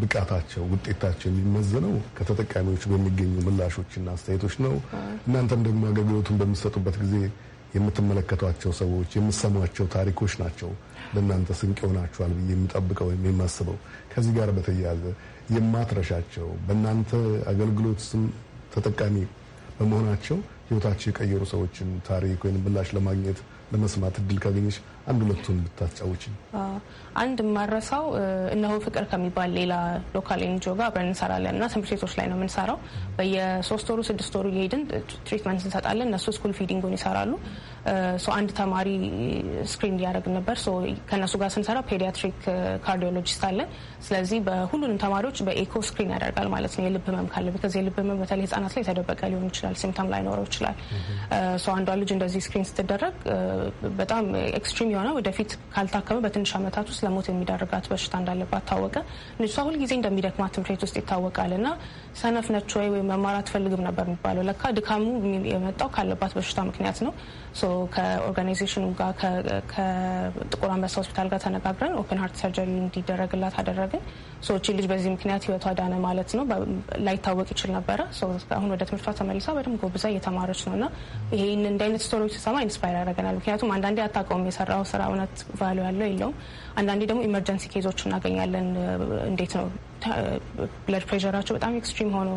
ብቃታቸው፣ ውጤታቸው የሚመዘነው ከተጠቃሚዎች በሚገኙ ምላሾችና አስተያየቶች ነው። እናንተም ደግሞ አገልግሎቱን በምሰጡበት ጊዜ የምትመለከቷቸው ሰዎች የምትሰሟቸው ታሪኮች ናቸው ለእናንተ ስንቅ ይሆናችኋል ብዬ የሚጠብቀው ወይም የማስበው ከዚህ ጋር በተያያዘ የማትረሻቸው በእናንተ አገልግሎት ስም ተጠቃሚ በመሆናቸው ህይወታቸው የቀየሩ ሰዎችን ታሪክ ወይም ምላሽ ለማግኘት ለመስማት እድል ካገኘች አንድ ሁለቱን ብታጫዎች። አንድ የማረሳው እነሆ ፍቅር ከሚባል ሌላ ሎካል ኤንጂኦ ጋር አብረን እንሰራለን እና ትምህርት ቤቶች ላይ ነው የምንሰራው። በየሶስት ወሩ ስድስት ወሩ እየሄድን ትሪትመንት እንሰጣለን። እነሱ ስኩል ፊዲንጉን ይሰራሉ። አንድ ተማሪ ስክሪን እያደረግን ነበር። ከእነሱ ጋር ስንሰራ ፔዲያትሪክ ካርዲዮሎጂስት አለን። ስለዚህ በሁሉንም ተማሪዎች በኤኮ ስክሪን ያደርጋል ማለት ነው የልብ ህመም ካለ ቢከዚ የልብ ህመም በተለይ ህጻናት ላይ የተደበቀ ሊሆን ይችላል፣ ሲምፕተም ላይኖረው ይችላል። አንዷ ልጅ እንደዚህ ስክሪን ስትደረግ በጣም ኤክስትሪም የሚሆነው ወደፊት ካልታከመ በትንሽ ዓመታት ውስጥ ለሞት የሚዳርጋት በሽታ እንዳለባት ታወቀ። ልጅቷ ሁልጊዜ እንደሚደክማ ትምህርት ቤት ውስጥ ይታወቃል። እና ሰነፍ ነች ወይ ወይም መማር አትፈልግም ነበር የሚባለው። ለካ ድካሙ የመጣው ካለባት በሽታ ምክንያት ነው። ከኦርጋናይዜሽኑ ጋር ከጥቁር አንበሳ ሆስፒታል ጋር ተነጋግረን ኦፕን ሀርት ሰርጀሪ እንዲደረግላት አደረግን። ሰዎች ልጅ በዚህ ምክንያት ህይወቷ ዳነ ማለት ነው። ላይታወቅ ይችል ነበረ። አሁን ወደ ትምህርቷ ተመልሳ በደንብ ጎብዛ እየተማረች ነው እና ይህን እንደ አይነት ስቶሪዎች ስሰማ ኢንስፓየር ያደረገናል። ምክንያቱም አንዳንዴ አታውቀውም የሰራው ስራ እውነት ቫሉ ያለው የለውም። አንዳንዴ ደግሞ ኢመርጀንሲ ኬዞች እናገኛለን። እንዴት ነው ብለድ ፕሬራቸው በጣም ኤክስትሪም ሆኖ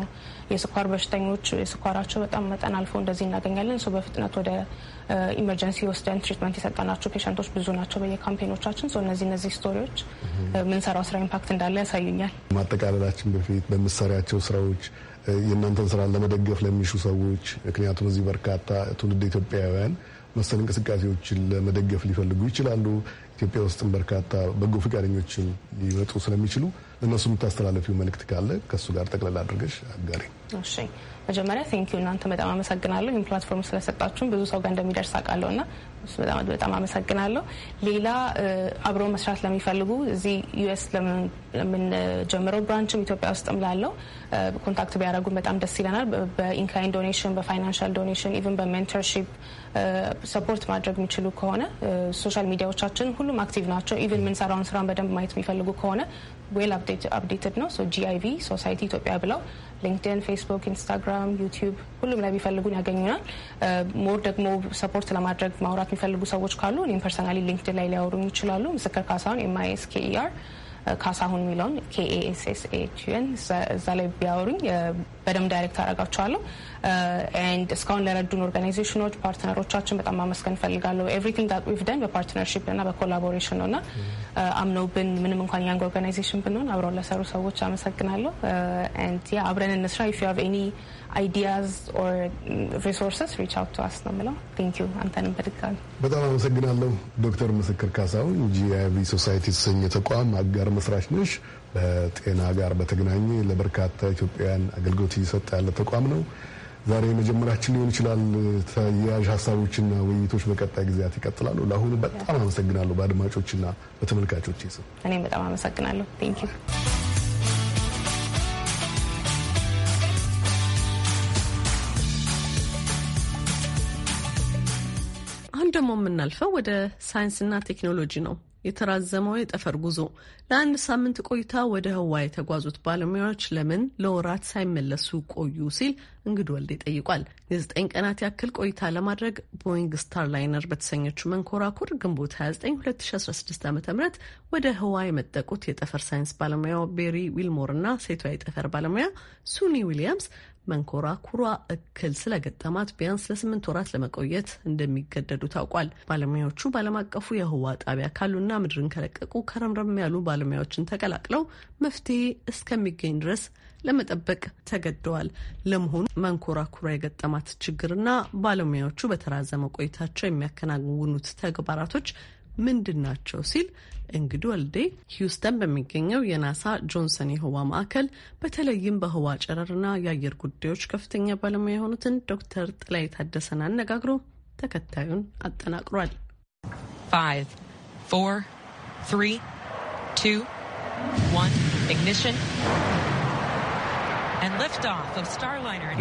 የስኳር በሽተኞች የስኳራቸው በጣም መጠን አልፎ እንደዚህ እናገኛለን። ሰው በፍጥነት ወደ ኢመርጀንሲ ወስደን ትሪትመንት የሰጠናቸው ፔሸንቶች ብዙ ናቸው በየካምፔኖቻችን። እነዚህ እነዚህ ስቶሪዎች ምንሰራው ስራ ኢምፓክት እንዳለ ያሳዩኛል። ማጠቃለላችን በፊት በምሰሪያቸው ስራዎች የእናንተን ስራ ለመደገፍ ለሚሹ ሰዎች ምክንያቱም እዚህ በርካታ ትውልድ ኢትዮጵያውያን መሰል እንቅስቃሴዎችን ለመደገፍ ሊፈልጉ ይችላሉ። ኢትዮጵያ ውስጥም በርካታ በጎ ፈቃደኞችን ሊመጡ ስለሚችሉ እነሱ የምታስተላለፊው መልእክት ካለ ከእሱ ጋር ጠቅለል አድርገሽ አጋሪ። እሺ፣ መጀመሪያ ቴንኪዩ እናንተ በጣም አመሰግናለሁ። ይህን ፕላትፎርም ስለሰጣችሁን ብዙ ሰው ጋር እንደሚደርስ አውቃለሁ እና እሱ በጣም በጣም አመሰግናለሁ። ሌላ አብሮ መስራት ለሚፈልጉ እዚህ ዩኤስ ለምንጀምረው ብራንችም ኢትዮጵያ ውስጥም ላለው ኮንታክት ቢያደረጉን በጣም ደስ ይለናል። በኢንካይን ዶኔሽን፣ በፋይናንሻል ዶኔሽን፣ ኢቨን በሜንተርሺፕ ሰፖርት ማድረግ የሚችሉ ከሆነ ሶሻል ሚዲያዎቻችን ሁሉም አክቲቭ ናቸው። ኢቨን የምንሰራውን ስራን በደንብ ማየት የሚፈልጉ ከሆነ ዌል አፕዴትድ ነው። ጂአይቪ ሶሳይቲ ኢትዮጵያ ብለው ሊንክድን፣ ፌስቡክ፣ ኢንስታግራም፣ ዩቲዩብ ሁሉም ላይ ቢፈልጉን ያገኙናል። ሞር ደግሞ ሰፖርት ለማድረግ ማውራት የሚፈልጉ ሰዎች ካሉ እኔም ፐርሰናሊ ሊንክድን ላይ ሊያወሩኝ ይችላሉ። ምስክር ካሳሁን ኬኢአር። ካሳሁን የሚለውን ኬኤስስችን እዛ ላይ ቢያወሩኝ በደንብ ዳይሬክት አረጋቸዋለሁ። ኤንድ እስካሁን ለረዱን ኦርጋናይዜሽኖች፣ ፓርትነሮቻችን በጣም ማመስገን እፈልጋለሁ። ኤቭሪቲንግ ዳት ዊቭ ደን በፓርትነርሽፕ እና በኮላቦሬሽን ነው እና አምነውብን ምንም እንኳን ያንግ ኦርጋናይዜሽን ብንሆን አብረው ለሰሩ ሰዎች አመሰግናለሁ። ኤንድ ያ አብረን እንስራ ኢፍ ዩ ኤኒ አይዲያዝ ኦር ሪሶርስስ ሪች አውት ቱ አስ ነው የምለው። ቴንክ ዩ አንተንም በድጋሚ በጣም አመሰግናለሁ። ዶክተር ምስክር ካሳሁን ጂአይቪ ሶሳይቲ የተሰኘ ተቋም አጋር መስራች ነሽ። በጤና ጋር በተገናኘ ለበርካታ ኢትዮጵያውያን አገልግሎት እየሰጠ ያለ ተቋም ነው። ዛሬ መጀመሪያችን ሊሆን ይችላል። ተያያዥ ሀሳቦችና ውይይቶች በቀጣይ ጊዜያት ይቀጥላሉ። ለአሁኑ በጣም አመሰግናለሁ በአድማጮችና በተመልካቾች ስም እኔም በጣም አመሰግናለሁ። ቴንክ ዩ አሁን ደግሞ የምናልፈው ወደ ሳይንስና ቴክኖሎጂ ነው። የተራዘመው የጠፈር ጉዞ ለአንድ ሳምንት ቆይታ ወደ ህዋ የተጓዙት ባለሙያዎች ለምን ለወራት ሳይመለሱ ቆዩ ሲል እንግድ ወልዴ ጠይቋል። የዘጠኝ ቀናት ያክል ቆይታ ለማድረግ ቦይንግ ስታርላይነር በተሰኘችው መንኮራኩር ግንቦት 29 2016 ዓ ም ወደ ህዋ የመጠቁት የጠፈር ሳይንስ ባለሙያው ቤሪ ዊልሞር እና ሴቷ የጠፈር ባለሙያ ሱኒ ዊሊያምስ መንኮራኩሯ እክል ስለገጠማት ቢያንስ ለስምንት ወራት ለመቆየት እንደሚገደዱ ታውቋል። ባለሙያዎቹ በዓለም አቀፉ የህዋ ጣቢያ ካሉና ምድርን ከለቀቁ ከረምረም ያሉ ባለሙያዎችን ተቀላቅለው መፍትሄ እስከሚገኝ ድረስ ለመጠበቅ ተገደዋል። ለመሆኑ መንኮራኩሯ የገጠማት ችግርና ባለሙያዎቹ በተራዘመ ቆይታቸው የሚያከናውኑት ተግባራቶች ምንድን ናቸው ሲል እንግዱ ወልዴ ሂውስተን በሚገኘው የናሳ ጆንሰን የህዋ ማዕከል በተለይም በህዋ ጨረርና የአየር ጉዳዮች ከፍተኛ ባለሙያ የሆኑትን ዶክተር ጥላይ ታደሰን አነጋግሮ ተከታዩን አጠናቅሯል።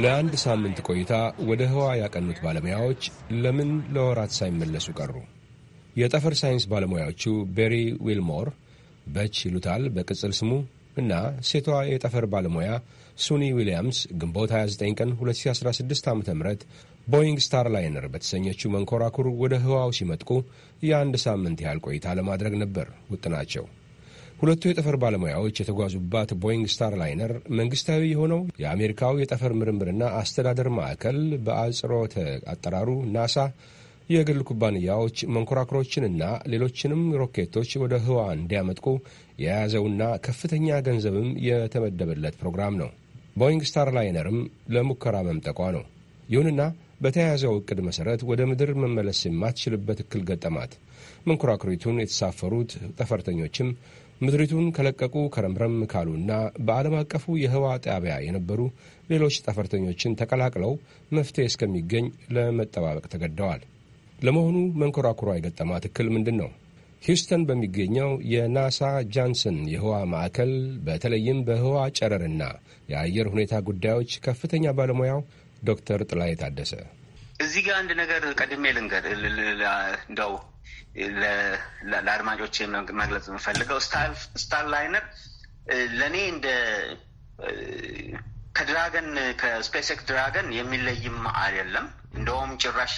ለአንድ ሳምንት ቆይታ ወደ ህዋ ያቀኑት ባለሙያዎች ለምን ለወራት ሳይመለሱ ቀሩ? የጠፈር ሳይንስ ባለሙያዎቹ ቤሪ ዊልሞር በች ይሉታል በቅጽል ስሙ እና ሴቷ የጠፈር ባለሙያ ሱኒ ዊሊያምስ ግንቦት 29 ቀን 2016 ዓ ም ቦይንግ ስታር ላይነር በተሰኘችው መንኮራኩር ወደ ህዋው ሲመጥቁ የአንድ ሳምንት ያህል ቆይታ ለማድረግ ነበር ውጥናቸው። ሁለቱ የጠፈር ባለሙያዎች የተጓዙባት ቦይንግ ስታር ላይነር መንግስታዊ የሆነው የአሜሪካው የጠፈር ምርምርና አስተዳደር ማዕከል በአጽሮተ አጠራሩ ናሳ የግል ኩባንያዎች መንኮራኩሮችንና ሌሎችንም ሮኬቶች ወደ ህዋ እንዲያመጥቁ የያዘውና ከፍተኛ ገንዘብም የተመደበለት ፕሮግራም ነው። ቦይንግ ስታር ላይነርም ለሙከራ መምጠቋ ነው። ይሁንና በተያያዘው እቅድ መሠረት ወደ ምድር መመለስ የማትችልበት እክል ገጠማት። መንኮራኩሪቱን የተሳፈሩት ጠፈርተኞችም ምድሪቱን ከለቀቁ ከረምረም ካሉና በዓለም አቀፉ የህዋ ጣቢያ የነበሩ ሌሎች ጠፈርተኞችን ተቀላቅለው መፍትሄ እስከሚገኝ ለመጠባበቅ ተገደዋል። ለመሆኑ መንኮራኩሯ የገጠማት እክል ምንድን ነው? ሂውስተን በሚገኘው የናሳ ጃንሰን የህዋ ማዕከል በተለይም በህዋ ጨረርና የአየር ሁኔታ ጉዳዮች ከፍተኛ ባለሙያው ዶክተር ጥላዬ ታደሰ እዚህ ጋር አንድ ነገር ቀድሜ ልንገር እንደው ለአድማጮች መግለጽ የምፈልገው ስታር ላይነር ለእኔ እንደ ከድራገን ከስፔስክስ ድራገን የሚለይም አይደለም። እንደውም ጭራሽ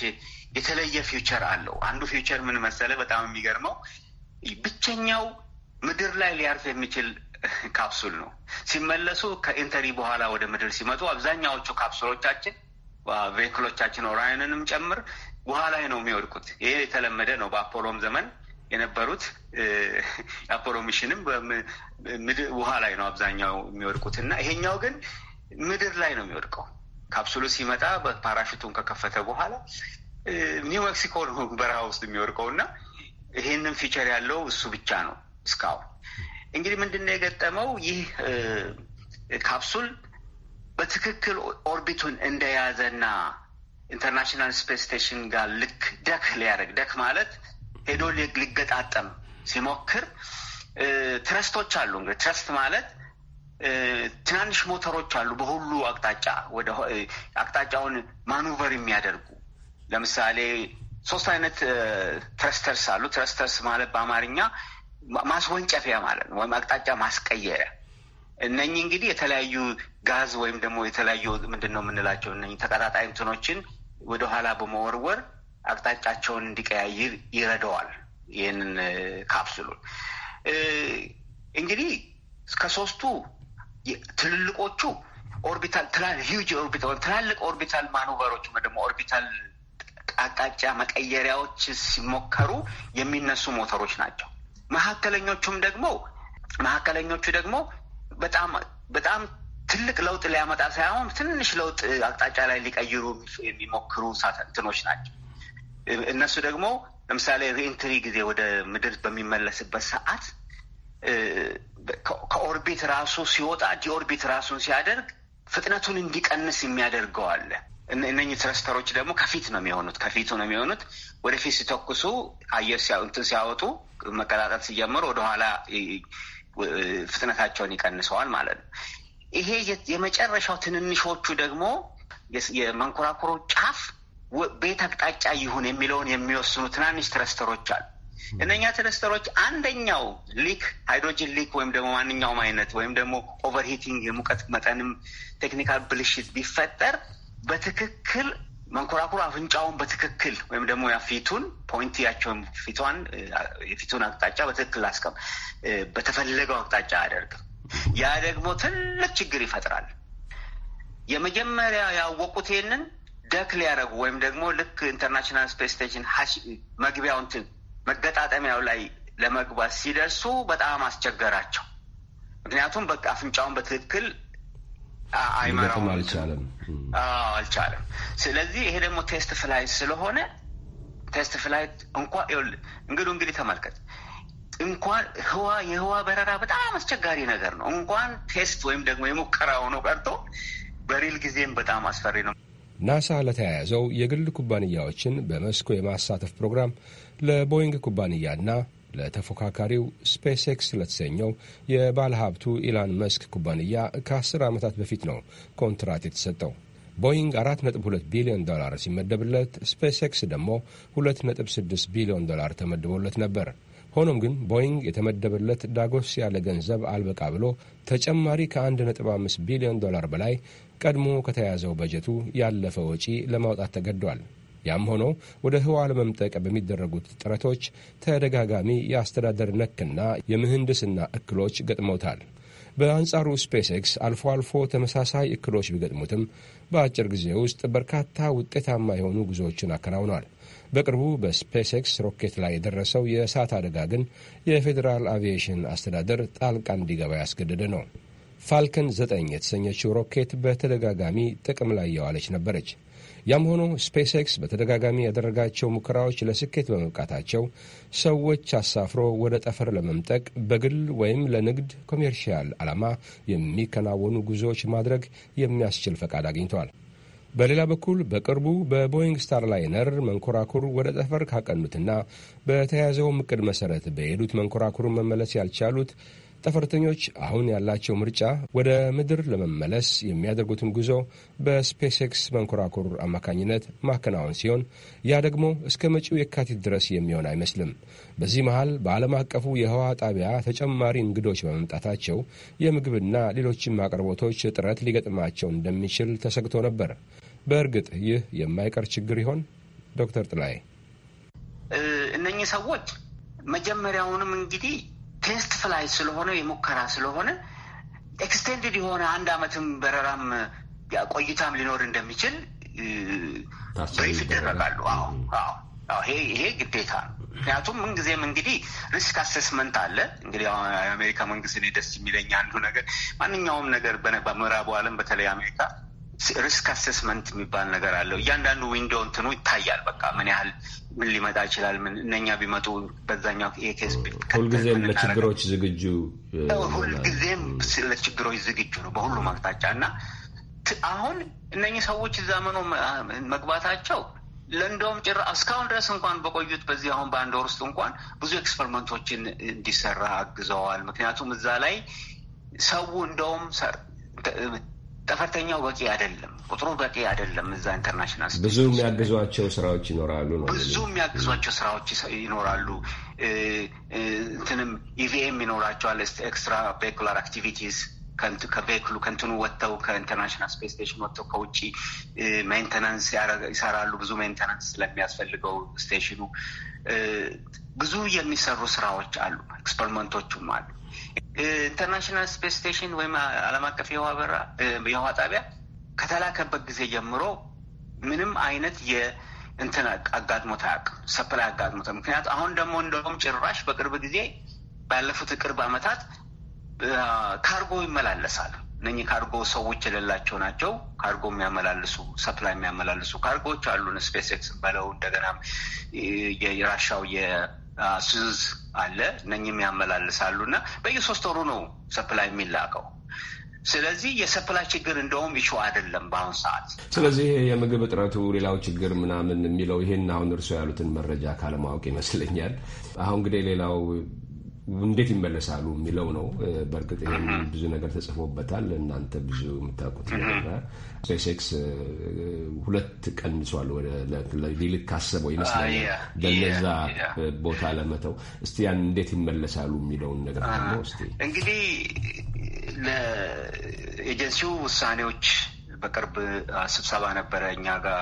የተለየ ፊውቸር አለው። አንዱ ፊውቸር ምን መሰለ? በጣም የሚገርመው ብቸኛው ምድር ላይ ሊያርፍ የሚችል ካፕሱል ነው። ሲመለሱ ከኢንተሪ በኋላ ወደ ምድር ሲመጡ አብዛኛዎቹ ካፕሱሎቻችን ቬክሎቻችን ኦራዮንንም ጨምር ውሃ ላይ ነው የሚወድቁት። ይሄ የተለመደ ነው። በአፖሎም ዘመን የነበሩት የአፖሎ ሚሽንም ውሃ ላይ ነው አብዛኛው የሚወድቁት እና ይሄኛው ግን ምድር ላይ ነው የሚወድቀው። ካፕሱሉ ሲመጣ ፓራሹቱን ከከፈተ በኋላ ኒው ሜክሲኮ ነው በረሃ ውስጥ የሚወድቀው እና ይህንን ፊቸር ያለው እሱ ብቻ ነው። እስካሁን እንግዲህ ምንድን ነው የገጠመው? ይህ ካፕሱል በትክክል ኦርቢቱን እንደያዘና ኢንተርናሽናል ስፔስ ስቴሽን ጋር ልክ ደክ ሊያደርግ ደክ ማለት ሄዶ ሊገጣጠም ሲሞክር ትረስቶች አሉ እንግዲህ ትረስት ማለት ትናንሽ ሞተሮች አሉ። በሁሉ አቅጣጫ ወደ አቅጣጫውን ማኑቨር የሚያደርጉ ለምሳሌ ሶስት አይነት ትረስተርስ አሉ። ትረስተርስ ማለት በአማርኛ ማስወንጨፊያ ማለት ነው፣ ወይም አቅጣጫ ማስቀየሪያ። እነኚህ እንግዲህ የተለያዩ ጋዝ ወይም ደግሞ የተለያዩ ምንድን ነው የምንላቸው እነኚህ ተቀጣጣይ እንትኖችን ወደኋላ በመወርወር አቅጣጫቸውን እንዲቀያይር ይረዳዋል። ይህንን ካፕሱሉን እንግዲህ ከሶስቱ ትልልቆቹ ኦርቢታል ሂውጅ ኦርቢታል ትላልቅ ኦርቢታል ማኑቨሮች ወይ ደግሞ ኦርቢታል አቅጣጫ መቀየሪያዎች ሲሞከሩ የሚነሱ ሞተሮች ናቸው። መካከለኞቹም ደግሞ መካከለኞቹ ደግሞ በጣም በጣም ትልቅ ለውጥ ሊያመጣ ሳይሆን ትንሽ ለውጥ አቅጣጫ ላይ ሊቀይሩ የሚሞክሩ ሳተንትኖች ናቸው። እነሱ ደግሞ ለምሳሌ ሪኢንትሪ ጊዜ ወደ ምድር በሚመለስበት ሰዓት ከኦርቢት ራሱ ሲወጣ ዲኦርቢት ራሱን ሲያደርግ ፍጥነቱን እንዲቀንስ የሚያደርገዋል። እነኚህ ትረስተሮች ደግሞ ከፊት ነው የሚሆኑት፣ ከፊቱ ነው የሚሆኑት። ወደፊት ሲተኩሱ አየር እንትን ሲያወጡ መቀጣጠል ሲጀምሩ ወደኋላ ፍጥነታቸውን ይቀንሰዋል ማለት ነው። ይሄ የመጨረሻው ትንንሾቹ ደግሞ የመንኮራኮሮ ጫፍ ቤት አቅጣጫ ይሁን የሚለውን የሚወስኑ ትናንሽ ትረስተሮች አሉ። እነኛ ትረስተሮች አንደኛው ሊክ ሃይድሮጂን ሊክ ወይም ደግሞ ማንኛውም አይነት ወይም ደግሞ ኦቨርሂቲንግ የሙቀት መጠንም ቴክኒካል ብልሽት ቢፈጠር በትክክል መንኮራኩር አፍንጫውን በትክክል ወይም ደግሞ ያፊቱን ፊቱን ያቸውን ፊቷን የፊቱን አቅጣጫ በትክክል አስቀም በተፈለገው አቅጣጫ አያደርግም። ያ ደግሞ ትልቅ ችግር ይፈጥራል። የመጀመሪያ ያወቁት ይህንን ደክ ሊያደረጉ ወይም ደግሞ ልክ ኢንተርናሽናል ስፔስ ስቴሽን መግቢያውን መገጣጠሚያው ላይ ለመግባት ሲደርሱ በጣም አስቸገራቸው። ምክንያቱም በቃ አፍንጫውን በትክክል አይመራውም፣ አልቻለም አልቻለም። ስለዚህ ይሄ ደግሞ ቴስት ፍላይት ስለሆነ ቴስት ፍላይት እንኳ እንግዲ እንግዲህ ተመልከት እንኳን ህዋ የህዋ በረራ በጣም አስቸጋሪ ነገር ነው። እንኳን ቴስት ወይም ደግሞ የሙከራ ሆኖ ቀርቶ በሪል ጊዜም በጣም አስፈሪ ነው። ናሳ ለተያያዘው የግል ኩባንያዎችን በመስኩ የማሳተፍ ፕሮግራም ለቦይንግ ኩባንያና ለተፎካካሪው ስፔስ ኤክስ ለተሰኘው የባለሀብቱ ሀብቱ ኢላን መስክ ኩባንያ ከ10 ዓመታት በፊት ነው ኮንትራት የተሰጠው። ቦይንግ 4.2 ቢሊዮን ዶላር ሲመደብለት፣ ስፔስ ኤክስ ደግሞ 2.6 ቢሊዮን ዶላር ተመድቦለት ነበር። ሆኖም ግን ቦይንግ የተመደበለት ዳጎስ ያለ ገንዘብ አልበቃ ብሎ ተጨማሪ ከ1.5 ቢሊዮን ዶላር በላይ ቀድሞ ከተያዘው በጀቱ ያለፈ ወጪ ለማውጣት ተገዷል። ያም ሆኖ ወደ ህዋ ለመምጠቅ በሚደረጉት ጥረቶች ተደጋጋሚ የአስተዳደር ነክና የምህንድስና እክሎች ገጥመውታል። በአንጻሩ ስፔስ ኤክስ አልፎ አልፎ ተመሳሳይ እክሎች ቢገጥሙትም በአጭር ጊዜ ውስጥ በርካታ ውጤታማ የሆኑ ጉዞዎችን አከናውኗል። በቅርቡ በስፔስ ኤክስ ሮኬት ላይ የደረሰው የእሳት አደጋ ግን የፌዴራል አቪዬሽን አስተዳደር ጣልቃ እንዲገባ ያስገደደ ነው። ፋልከን ዘጠኝ የተሰኘችው ሮኬት በተደጋጋሚ ጥቅም ላይ የዋለች ነበረች። ያም ሆኖ ስፔስ ኤክስ በተደጋጋሚ ያደረጋቸው ሙከራዎች ለስኬት በመብቃታቸው ሰዎች አሳፍሮ ወደ ጠፈር ለመምጠቅ በግል ወይም ለንግድ ኮሜርሽያል ዓላማ የሚከናወኑ ጉዞዎች ማድረግ የሚያስችል ፈቃድ አግኝተዋል። በሌላ በኩል በቅርቡ በቦይንግ ስታር ላይነር መንኮራኩር ወደ ጠፈር ካቀኑትና በተያያዘውም እቅድ መሰረት በሄዱት መንኮራኩርን መመለስ ያልቻሉት ጠፈርተኞች አሁን ያላቸው ምርጫ ወደ ምድር ለመመለስ የሚያደርጉትን ጉዞ በስፔስ ኤክስ መንኮራኩር አማካኝነት ማከናወን ሲሆን ያ ደግሞ እስከ መጪው የካቲት ድረስ የሚሆን አይመስልም። በዚህ መሃል በዓለም አቀፉ የህዋ ጣቢያ ተጨማሪ እንግዶች በመምጣታቸው የምግብና ሌሎችም አቅርቦቶች እጥረት ሊገጥማቸው እንደሚችል ተሰግቶ ነበር። በእርግጥ ይህ የማይቀር ችግር ይሆን? ዶክተር ጥላዬ እነኚህ ሰዎች መጀመሪያውንም እንግዲህ ቴስት ስለሆነ የሙከራ ስለሆነ ኤክስቴንድድ የሆነ አንድ አመትም በረራም ቆይታም ሊኖር እንደሚችል ብሪፍ ይደረጋሉ። ይሄ ግዴታ ነው። ምክንያቱም ምንጊዜም እንግዲህ ሪስክ አሴስመንት አለ። እንግዲህ የአሜሪካ መንግስት እኔ ደስ የሚለኝ አንዱ ነገር ማንኛውም ነገር በምዕራቡ ዓለም በተለይ አሜሪካ ሪስክ አሴስመንት የሚባል ነገር አለው። እያንዳንዱ ዊንዶ እንትኑ ይታያል። በቃ ምን ያህል ምን ሊመጣ ይችላል፣ ምን እነኛ ቢመጡ በዛኛው የኬስ ሁልጊዜም ለችግሮች ዝግጁ ሁልጊዜም ለችግሮች ዝግጁ ነው በሁሉም አቅጣጫ እና አሁን እነኚህ ሰዎች እዛ መኖ መግባታቸው ለእንደውም ጭራ እስካሁን ድረስ እንኳን በቆዩት በዚህ አሁን በአንድ ወር ውስጥ እንኳን ብዙ ኤክስፐሪመንቶችን እንዲሰራ አግዘዋል። ምክንያቱም እዛ ላይ ሰው እንደውም ጠፈርተኛው በቂ አይደለም፣ ቁጥሩ በቂ አይደለም። እዛ ኢንተርናሽናል ብዙ የሚያግዟቸው ስራዎች ይኖራሉ ነው ብዙ የሚያግዟቸው ስራዎች ይኖራሉ። እንትንም ኢቪኤም e ይኖራቸዋል፣ ኤክስትራ ቬኩላር አክቲቪቲስ ከቬክሉ ከንትኑ ወጥተው ከኢንተርናሽናል ስፔስ ስቴሽን ወጥተው ከውጭ ሜንተናንስ ይሰራሉ። ብዙ ሜንተናንስ ስለሚያስፈልገው ስቴሽኑ ብዙ የሚሰሩ ስራዎች አሉ፣ ኤክስፐሪመንቶቹም አሉ። ኢንተርናሽናል ስፔስ ስቴሽን ወይም ዓለም አቀፍ የውሃ በራ የውሃ ጣቢያ ከተላከበት ጊዜ ጀምሮ ምንም አይነት የእንትን አጋጥሞት አያውቅም፣ ሰፕላይ አጋጥሞት ምክንያቱ አሁን ደግሞ እንደውም ጭራሽ በቅርብ ጊዜ ባለፉት ቅርብ ዓመታት ካርጎ ይመላለሳል። እነኚህ ካርጎ ሰዎች የሌላቸው ናቸው። ካርጎ የሚያመላልሱ ሰፕላይ የሚያመላልሱ ካርጎዎች አሉን። ስፔስ ኤክስ በለው እንደገና የራሻው የሱዝ አለ። እነ የሚያመላልሳሉ እና በየሶስት ወሩ ነው ሰፕላይ የሚላቀው። ስለዚህ የሰፕላይ ችግር እንደውም ይሹ አይደለም በአሁኑ ሰዓት። ስለዚህ የምግብ እጥረቱ ሌላው ችግር ምናምን የሚለው ይህን አሁን እርስዎ ያሉትን መረጃ ካለማወቅ ይመስለኛል። አሁን እንግዲህ ሌላው እንዴት ይመለሳሉ የሚለው ነው። በእርግጥ ይህም ብዙ ነገር ተጽፎበታል። እናንተ ብዙ የምታውቁት ስፔስ ኤክስ ሁለት ቀንሷል ሊልክ ካሰበው ይመስላል በነዛ ቦታ ለመተው እስቲ ያን እንዴት ይመለሳሉ የሚለውን ነገር ነው። እስቲ እንግዲህ ለኤጀንሲው ውሳኔዎች በቅርብ ስብሰባ ነበረ እኛ ጋር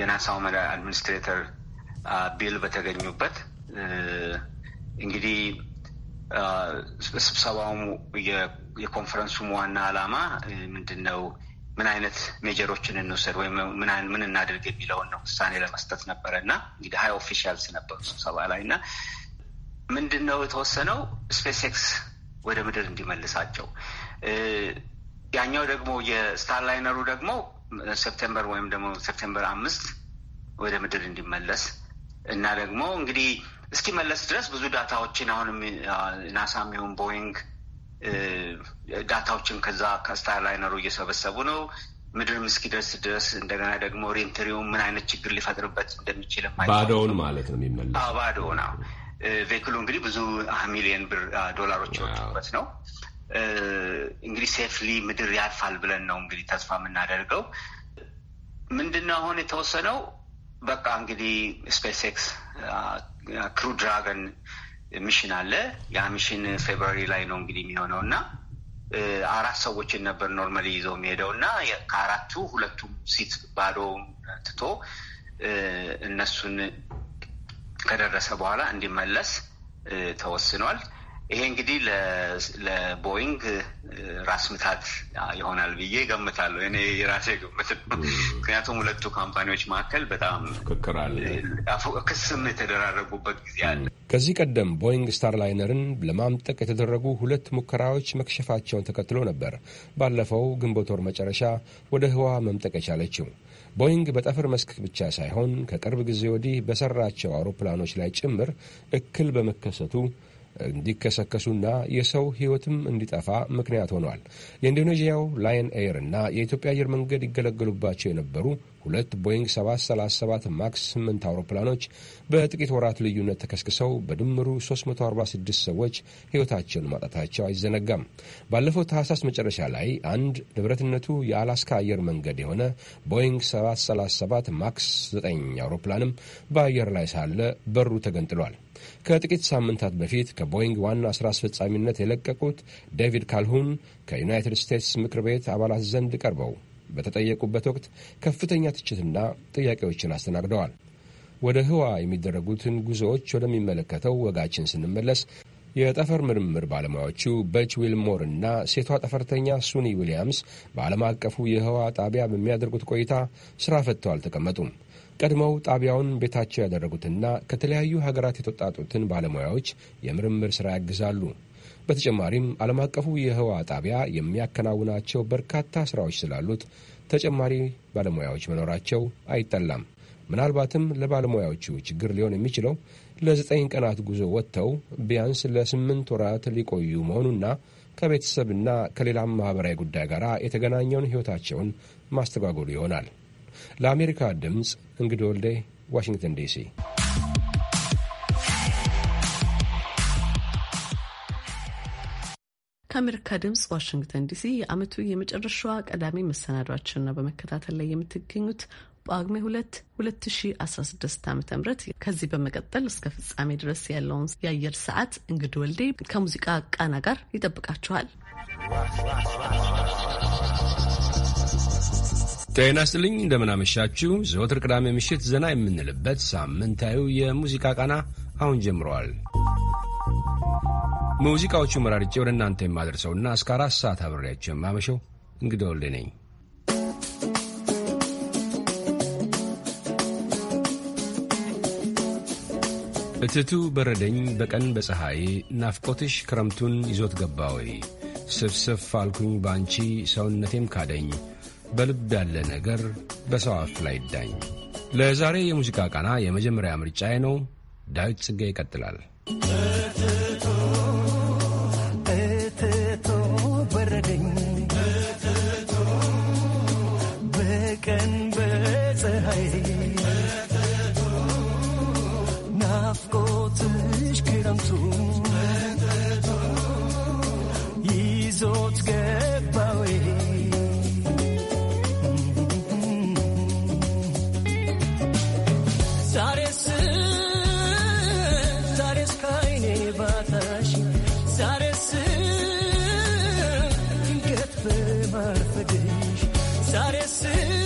የናሳው አድሚኒስትሬተር ቢል በተገኙበት እንግዲህ ስብሰባውም የኮንፈረንሱም ዋና ዓላማ ምንድን ነው? ምን አይነት ሜጀሮችን እንውሰድ ወይም ምን እናድርግ የሚለውን ነው ውሳኔ ለመስጠት ነበረ እና እንግዲህ ሀይ ኦፊሻልስ ነበሩ ስብሰባ ላይ እና ምንድን ነው የተወሰነው ስፔስ ኤክስ ወደ ምድር እንዲመልሳቸው ያኛው ደግሞ የስታርላይነሩ ደግሞ ሴፕቴምበር ወይም ደግሞ ሴፕቴምበር አምስት ወደ ምድር እንዲመለስ እና ደግሞ እንግዲህ እስኪመለስ ድረስ ብዙ ዳታዎችን አሁንም ናሳ የሚሆን ቦይንግ ዳታዎችን ከዛ ከስታርላይነሩ እየሰበሰቡ ነው። ምድርም እስኪደርስ ድረስ እንደገና ደግሞ ሪንትሪውም ምን አይነት ችግር ሊፈጥርበት እንደሚችል ባዶውን ማለት ነው የሚመለስ ባዶውን ቬክሉ እንግዲህ ብዙ ሚሊዮን ብር ዶላሮች የወጡበት ነው። እንግዲህ ሴፍሊ ምድር ያልፋል ብለን ነው እንግዲህ ተስፋ የምናደርገው። ምንድነው አሁን የተወሰነው በቃ እንግዲህ ስፔስ ኤክስ ክሩ ድራገን ሚሽን አለ። ያ ሚሽን ፌብሩዋሪ ላይ ነው እንግዲህ የሚሆነው እና አራት ሰዎችን ነበር ኖርማሊ ይዘው የሚሄደው እና ከአራቱ ሁለቱም ሲት ባዶ ትቶ እነሱን ከደረሰ በኋላ እንዲመለስ ተወስኗል። ይሄ እንግዲህ ለቦይንግ ራስ ምታት ይሆናል ብዬ ገምታለሁ። እኔ የራሴ ግምት ነው። ምክንያቱም ሁለቱ ካምፓኒዎች መካከል በጣም ክስም የተደራረጉበት ጊዜ አለ። ከዚህ ቀደም ቦይንግ ስታርላይነርን ለማምጠቅ የተደረጉ ሁለት ሙከራዎች መክሸፋቸውን ተከትሎ ነበር ባለፈው ግንቦት ወር መጨረሻ ወደ ህዋ መምጠቅ የቻለችው። ቦይንግ በጠፈር መስክ ብቻ ሳይሆን ከቅርብ ጊዜ ወዲህ በሰራቸው አውሮፕላኖች ላይ ጭምር እክል በመከሰቱ እንዲከሰከሱና የሰው ሕይወትም እንዲጠፋ ምክንያት ሆኗል። የኢንዶኔዥያው ላየን ኤር እና የኢትዮጵያ አየር መንገድ ይገለገሉባቸው የነበሩ ሁለት ቦይንግ 737 ማክስ 8 አውሮፕላኖች በጥቂት ወራት ልዩነት ተከስክሰው በድምሩ 346 ሰዎች ሕይወታቸውን ማጣታቸው አይዘነጋም። ባለፈው ታህሳስ መጨረሻ ላይ አንድ ንብረትነቱ የአላስካ አየር መንገድ የሆነ ቦይንግ 737 ማክስ 9 አውሮፕላንም በአየር ላይ ሳለ በሩ ተገንጥሏል። ከጥቂት ሳምንታት በፊት ከቦይንግ ዋና ሥራ አስፈጻሚነት የለቀቁት ዴቪድ ካልሁን ከዩናይትድ ስቴትስ ምክር ቤት አባላት ዘንድ ቀርበው በተጠየቁበት ወቅት ከፍተኛ ትችትና ጥያቄዎችን አስተናግደዋል። ወደ ህዋ የሚደረጉትን ጉዞዎች ወደሚመለከተው ወጋችን ስንመለስ የጠፈር ምርምር ባለሙያዎቹ በች ዊልሞር እና ሴቷ ጠፈርተኛ ሱኒ ዊሊያምስ በዓለም አቀፉ የህዋ ጣቢያ በሚያደርጉት ቆይታ ስራ ፈጥተው አልተቀመጡም። ቀድመው ጣቢያውን ቤታቸው ያደረጉትና ከተለያዩ ሀገራት የተውጣጡትን ባለሙያዎች የምርምር ሥራ ያግዛሉ። በተጨማሪም ዓለም አቀፉ የህዋ ጣቢያ የሚያከናውናቸው በርካታ ሥራዎች ስላሉት ተጨማሪ ባለሙያዎች መኖራቸው አይጠላም። ምናልባትም ለባለሙያዎቹ ችግር ሊሆን የሚችለው ለዘጠኝ ቀናት ጉዞ ወጥተው ቢያንስ ለስምንት ወራት ሊቆዩ መሆኑና ከቤተሰብና ከሌላም ማኅበራዊ ጉዳይ ጋር የተገናኘውን ሕይወታቸውን ማስተጓጎሉ ይሆናል። ለአሜሪካ ድምፅ እንግዲ ወልዴ ዋሽንግተን ዲሲ። ከአሜሪካ ድምጽ ዋሽንግተን ዲሲ የአመቱ የመጨረሻዋ ቀዳሚ መሰናዷችን ነው በመከታተል ላይ የምትገኙት። በጳጉሜ ሁለት 2016 ዓ ም ከዚህ በመቀጠል እስከ ፍጻሜ ድረስ ያለውን የአየር ሰዓት እንግድ ወልዴ ከሙዚቃ ቃና ጋር ይጠብቃችኋል። ጤና ይስጥልኝ። እንደምናመሻችሁ። ዘወትር ቅዳሜ ምሽት ዘና የምንልበት ሳምንታዊ የሙዚቃ ቃና አሁን ጀምረዋል። ሙዚቃዎቹ መራርጬ ወደ እናንተ የማደርሰውና እስከ አራት ሰዓት አብሬያቸው የማመሸው እንግዳ ወልዴ ነኝ። እትቱ በረደኝ በቀን በፀሐይ ናፍቆትሽ ክረምቱን ይዞት ገባ ወይ ስፍስፍ አልኩኝ ባንቺ ሰውነቴም ካደኝ በልብ ያለ ነገር በሰው አፍ ላይ ይዳኝ። ለዛሬ የሙዚቃ ቃና የመጀመሪያ ምርጫዬ ነው። ዳዊት ጽጌ ይቀጥላል። promises.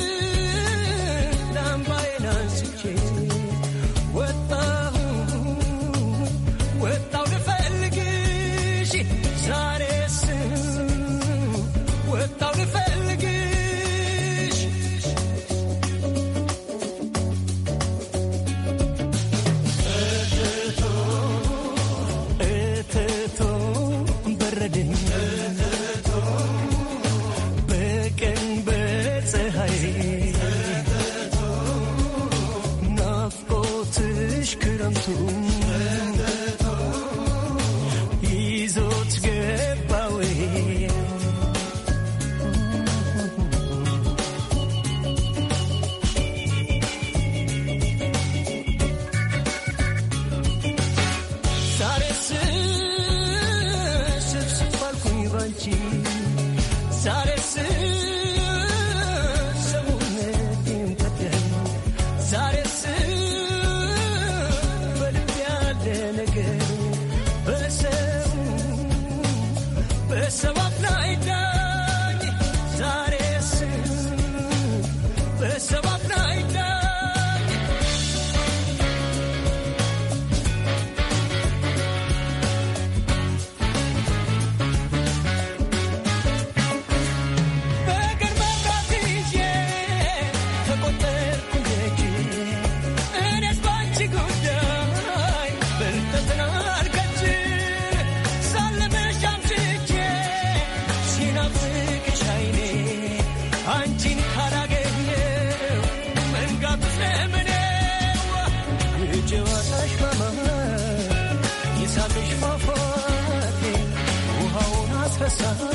سهر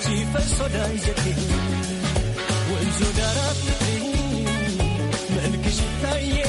سيف الصدى يزكي وانزو دارات لكي ملك شتايا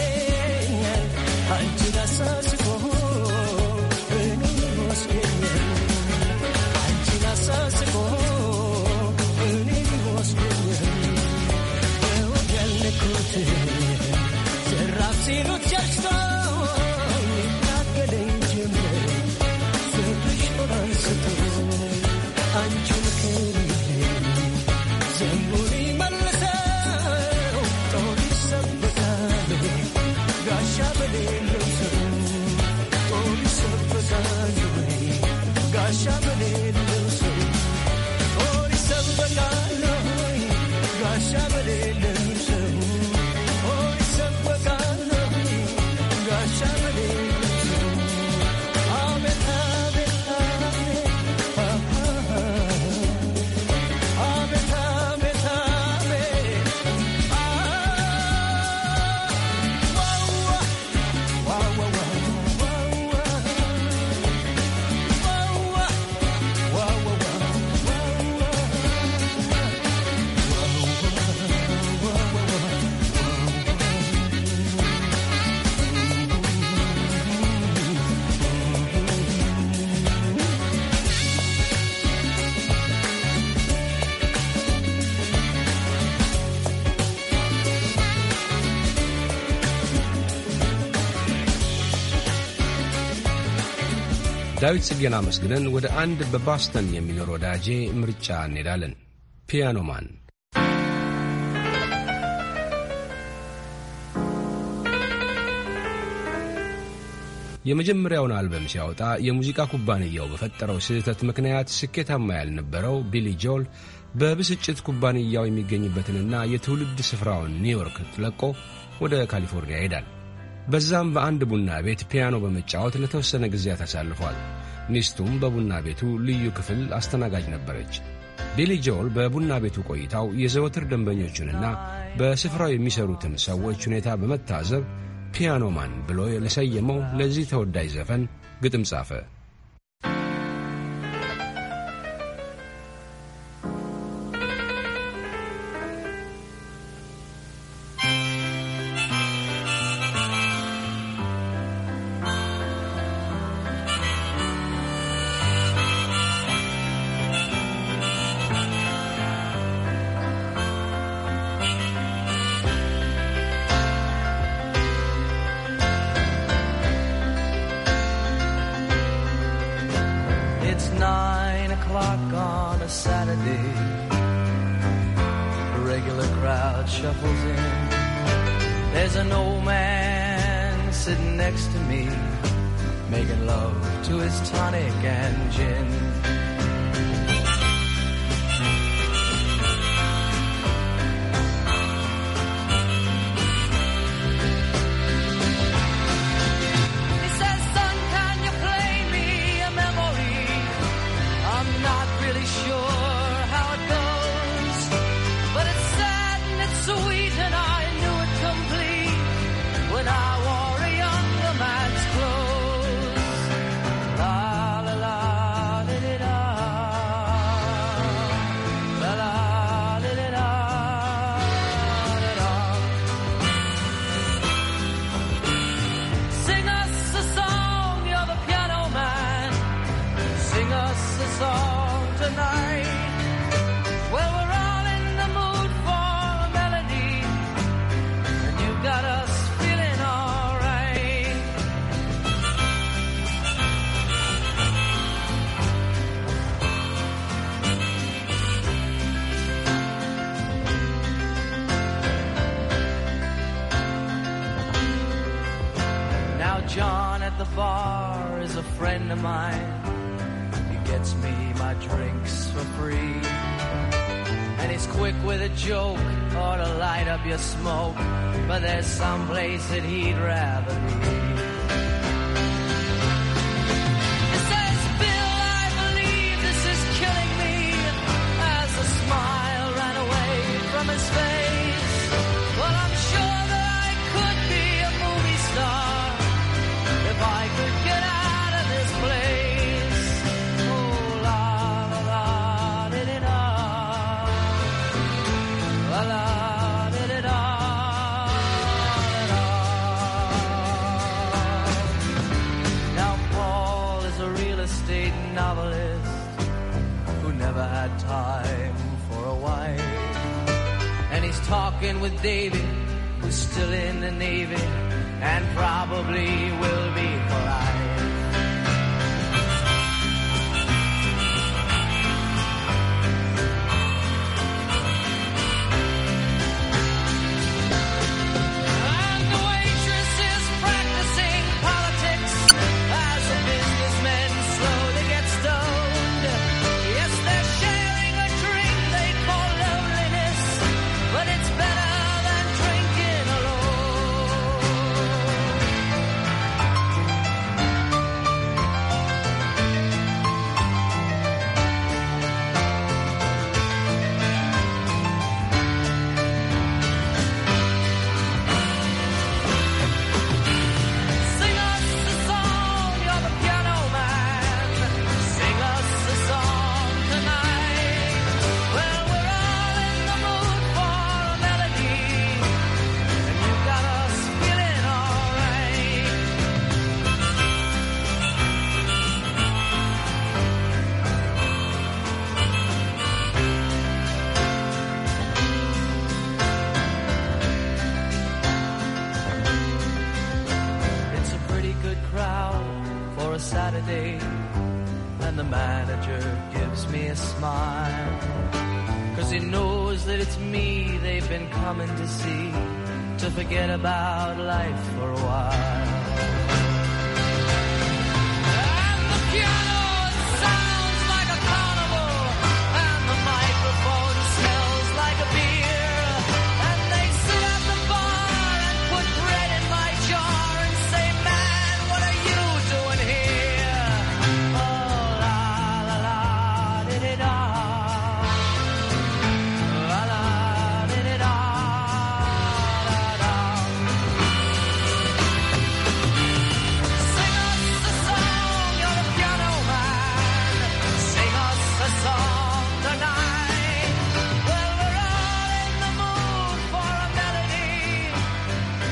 ዳዊት ጽጌን አመስግነን ወደ አንድ በባስተን የሚኖር ወዳጄ ምርጫ እንሄዳለን። ፒያኖማን የመጀመሪያውን አልበም ሲያወጣ የሙዚቃ ኩባንያው በፈጠረው ስህተት ምክንያት ስኬታማ ያልነበረው ቢሊ ጆል በብስጭት ኩባንያው የሚገኝበትንና የትውልድ ስፍራውን ኒውዮርክ ለቆ ወደ ካሊፎርኒያ ይሄዳል። በዛም በአንድ ቡና ቤት ፒያኖ በመጫወት ለተወሰነ ጊዜያት አሳልፏል። ሚስቱም በቡና ቤቱ ልዩ ክፍል አስተናጋጅ ነበረች። ቢሊ ጆል በቡና ቤቱ ቆይታው የዘወትር ደንበኞቹንና በስፍራው የሚሰሩትን ሰዎች ሁኔታ በመታዘብ ፒያኖማን ብሎ ለሰየመው ለዚህ ተወዳጅ ዘፈን ግጥም ጻፈ።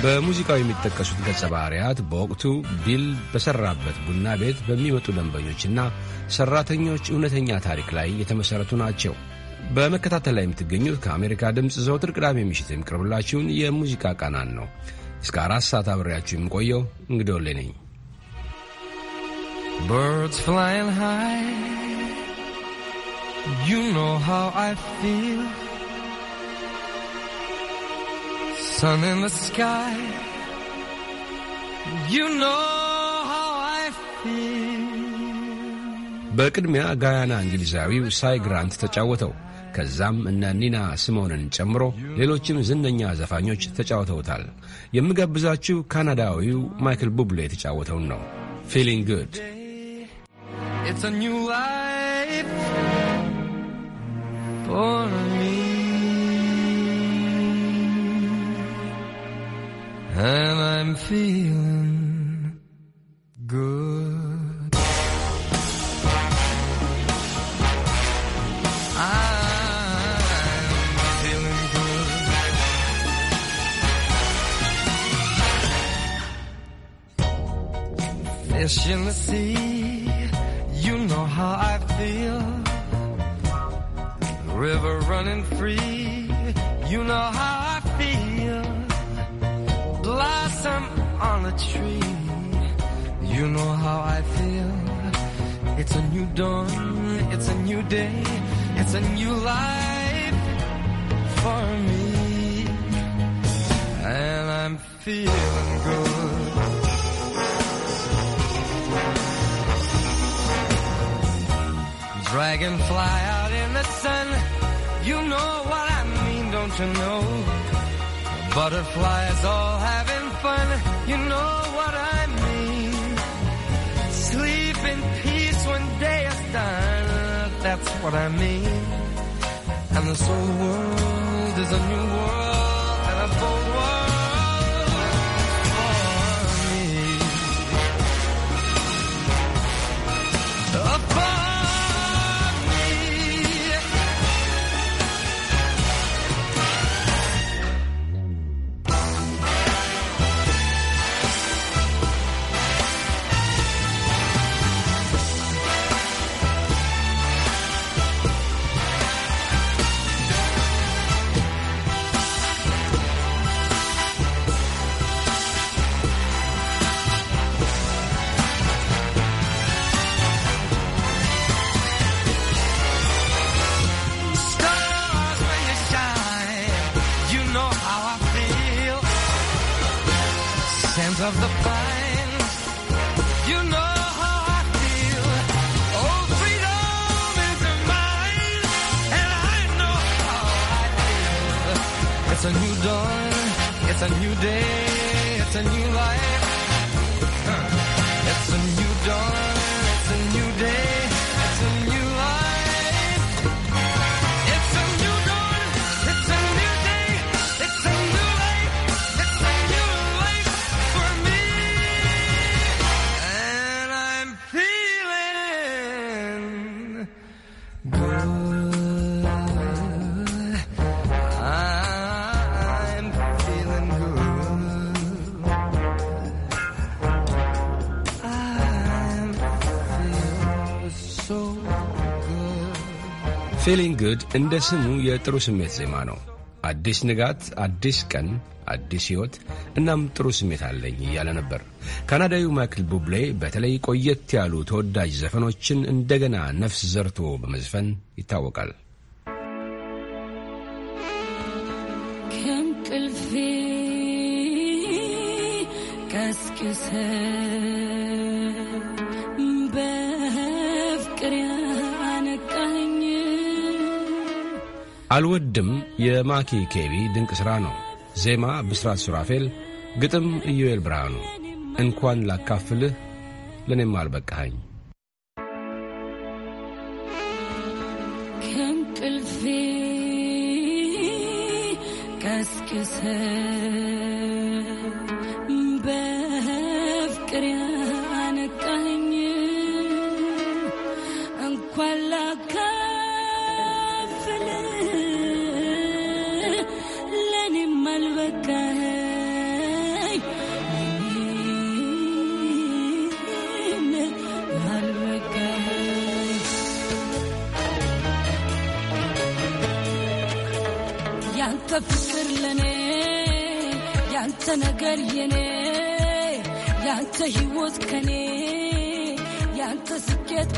በሙዚቃው የሚጠቀሱት ገጸ ባህርያት በወቅቱ ቢል በሠራበት ቡና ቤት በሚመጡ ደንበኞችና ሠራተኞች እውነተኛ ታሪክ ላይ የተመሠረቱ ናቸው። በመከታተል ላይ የምትገኙት ከአሜሪካ ድምፅ ዘውትር ቅዳሜ ምሽት የሚቀርብላችሁን የሙዚቃ ቃናን ነው። እስከ አራት ሰዓት አብሬያችሁ የምቆየው እንግዲህ ወሌ ነኝ። Birds flying high, you know how I feel. sun in the sky. You know how I feel. በቅድሚያ ጋያና እንግሊዛዊው ሳይ ግራንት ተጫወተው። ከዛም እነ ኒና ስሞንን ጨምሮ ሌሎችም ዝነኛ ዘፋኞች ተጫውተውታል። የምጋብዛችሁ ካናዳዊው ማይክል ቡብሌ የተጫወተውን ነው። ፊሊንግ ጉድ It's a new life for me. and I'm feeling good. I'm feeling good. Fish in the sea, you know how I feel. River running free, you know how I blossom on a tree. You know how I feel. It's a new dawn, it's a new day, it's a new life for me. And I'm feeling good. Dragonfly out in the sun, you know what I mean, don't you know? Butterflies all having you know what I mean. Sleep in peace when day is done, that's what I mean. And this old world is a new world. ፊሊንግ ግድ እንደ ስሙ የጥሩ ስሜት ዜማ ነው። አዲስ ንጋት፣ አዲስ ቀን፣ አዲስ ሕይወት እናም ጥሩ ስሜት አለኝ እያለ ነበር። ካናዳዊው ማይክል ቡብሌ በተለይ ቆየት ያሉ ተወዳጅ ዘፈኖችን እንደገና ነፍስ ዘርቶ በመዝፈን ይታወቃል። ከእንቅልፌ ቀስቅሰ አልወድም የማኪ ኬቢ ድንቅ ሥራ ነው። ዜማ ብስራት ሱራፌል፣ ግጥም ኢዩኤል ብርሃኑ። እንኳን ላካፍልህ ለእኔም አልበቃኸኝ ከእንቅልፌ ቀስቅሰ በፍቅር ያነቃኝ እንኳን ላካ ፍቅር ለኔ ያንተ ነገር የኔ ያንተ ህይወት ከኔ ያንተ ስኬት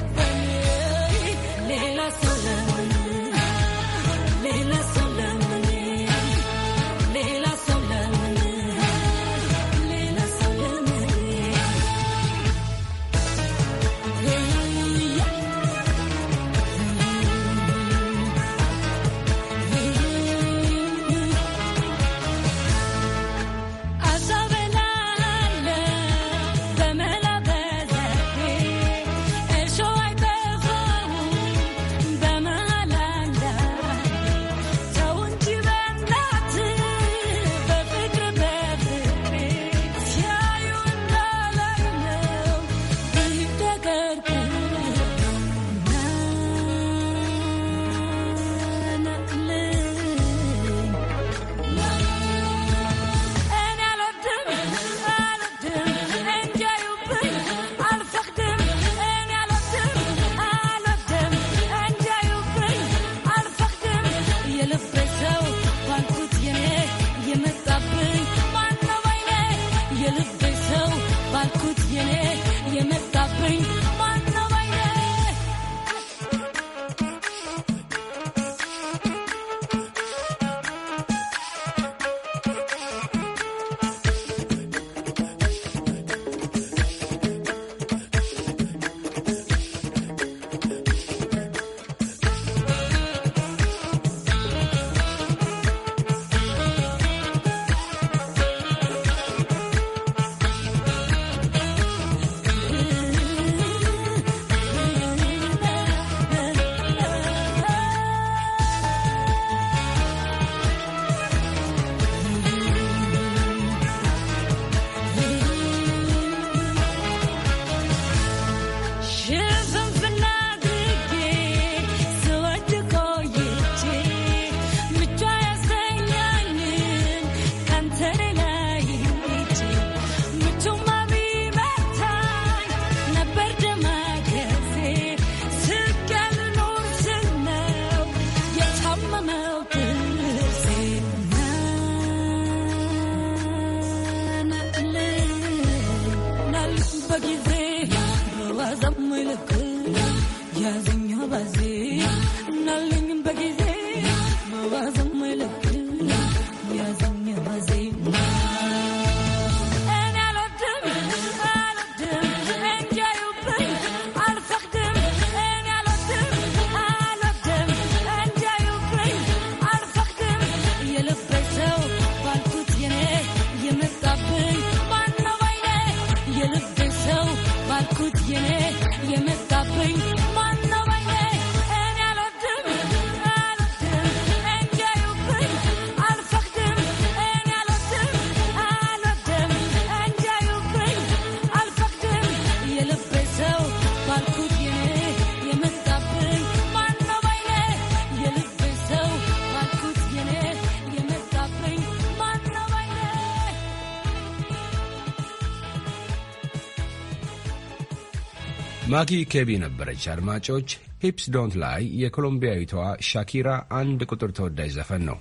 ማጊ ኬቢ ነበረች። አድማጮች ሂፕስ ዶንት ላይ የኮሎምቢያዊቷ ሻኪራ አንድ ቁጥር ተወዳጅ ዘፈን ነው።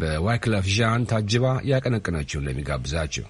በዋይክለፍ ዣን ታጅባ ያቀነቀነችው እንደሚጋብዛችሁ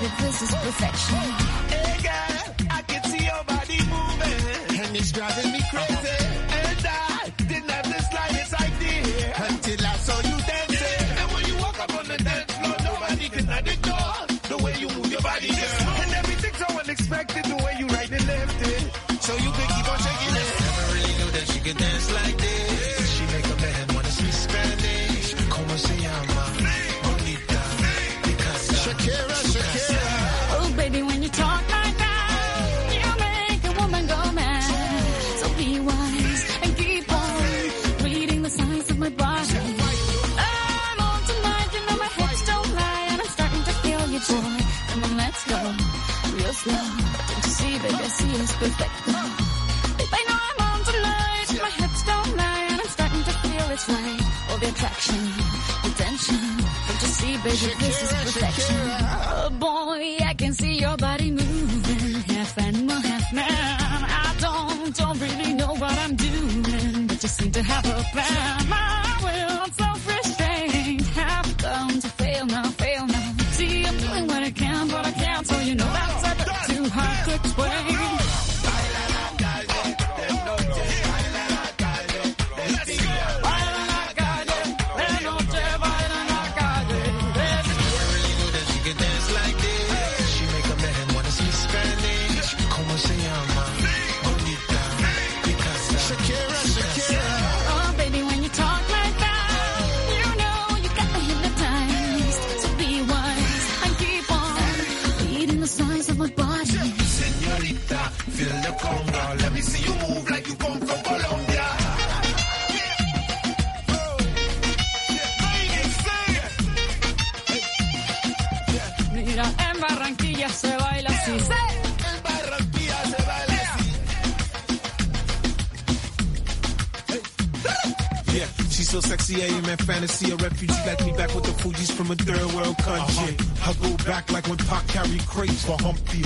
this is perfection.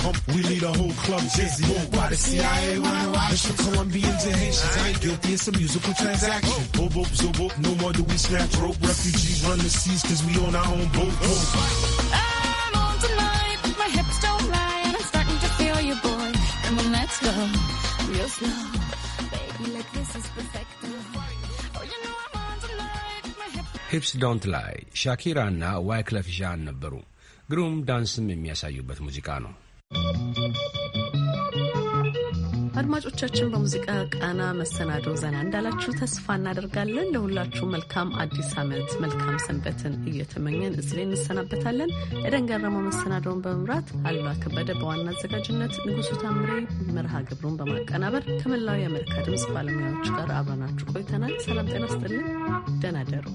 hump. We lead a whole club dizzy. Why the CIA wanna watch the Colombians and Haitians? I ain't guilty, it's a musical transaction. Oh, oh, oh, oh. No more do we snatch rope. Refugees run the seas cause we own our own boat. I'm on tonight, my hips don't lie, and I'm starting to feel you, boy. Come on, let's go, real slow. ሂፕስ ዶንት ላይ ሻኪራ እና ዋይክለፍ ዣን ነበሩ። ግሩም ዳንስም የሚያሳዩበት ሙዚቃ ነው። አድማጮቻችን በሙዚቃ ቃና መሰናዶ ዘና እንዳላችሁ ተስፋ እናደርጋለን። ለሁላችሁ መልካም አዲስ ዓመት መልካም ሰንበትን እየተመኘን እዚህ ላይ እንሰናበታለን። ኤደን ገረመው መሰናዶውን በመምራት አሉላ ከበደ በዋና አዘጋጅነት፣ ንጉሱ ታምሬ መርሃ ግብሩን በማቀናበር ከመላው የአሜሪካ ድምፅ ባለሙያዎች ጋር አብረናችሁ ቆይተናል። ሰላም ጤና ስጥልን። ደህና ደሩ።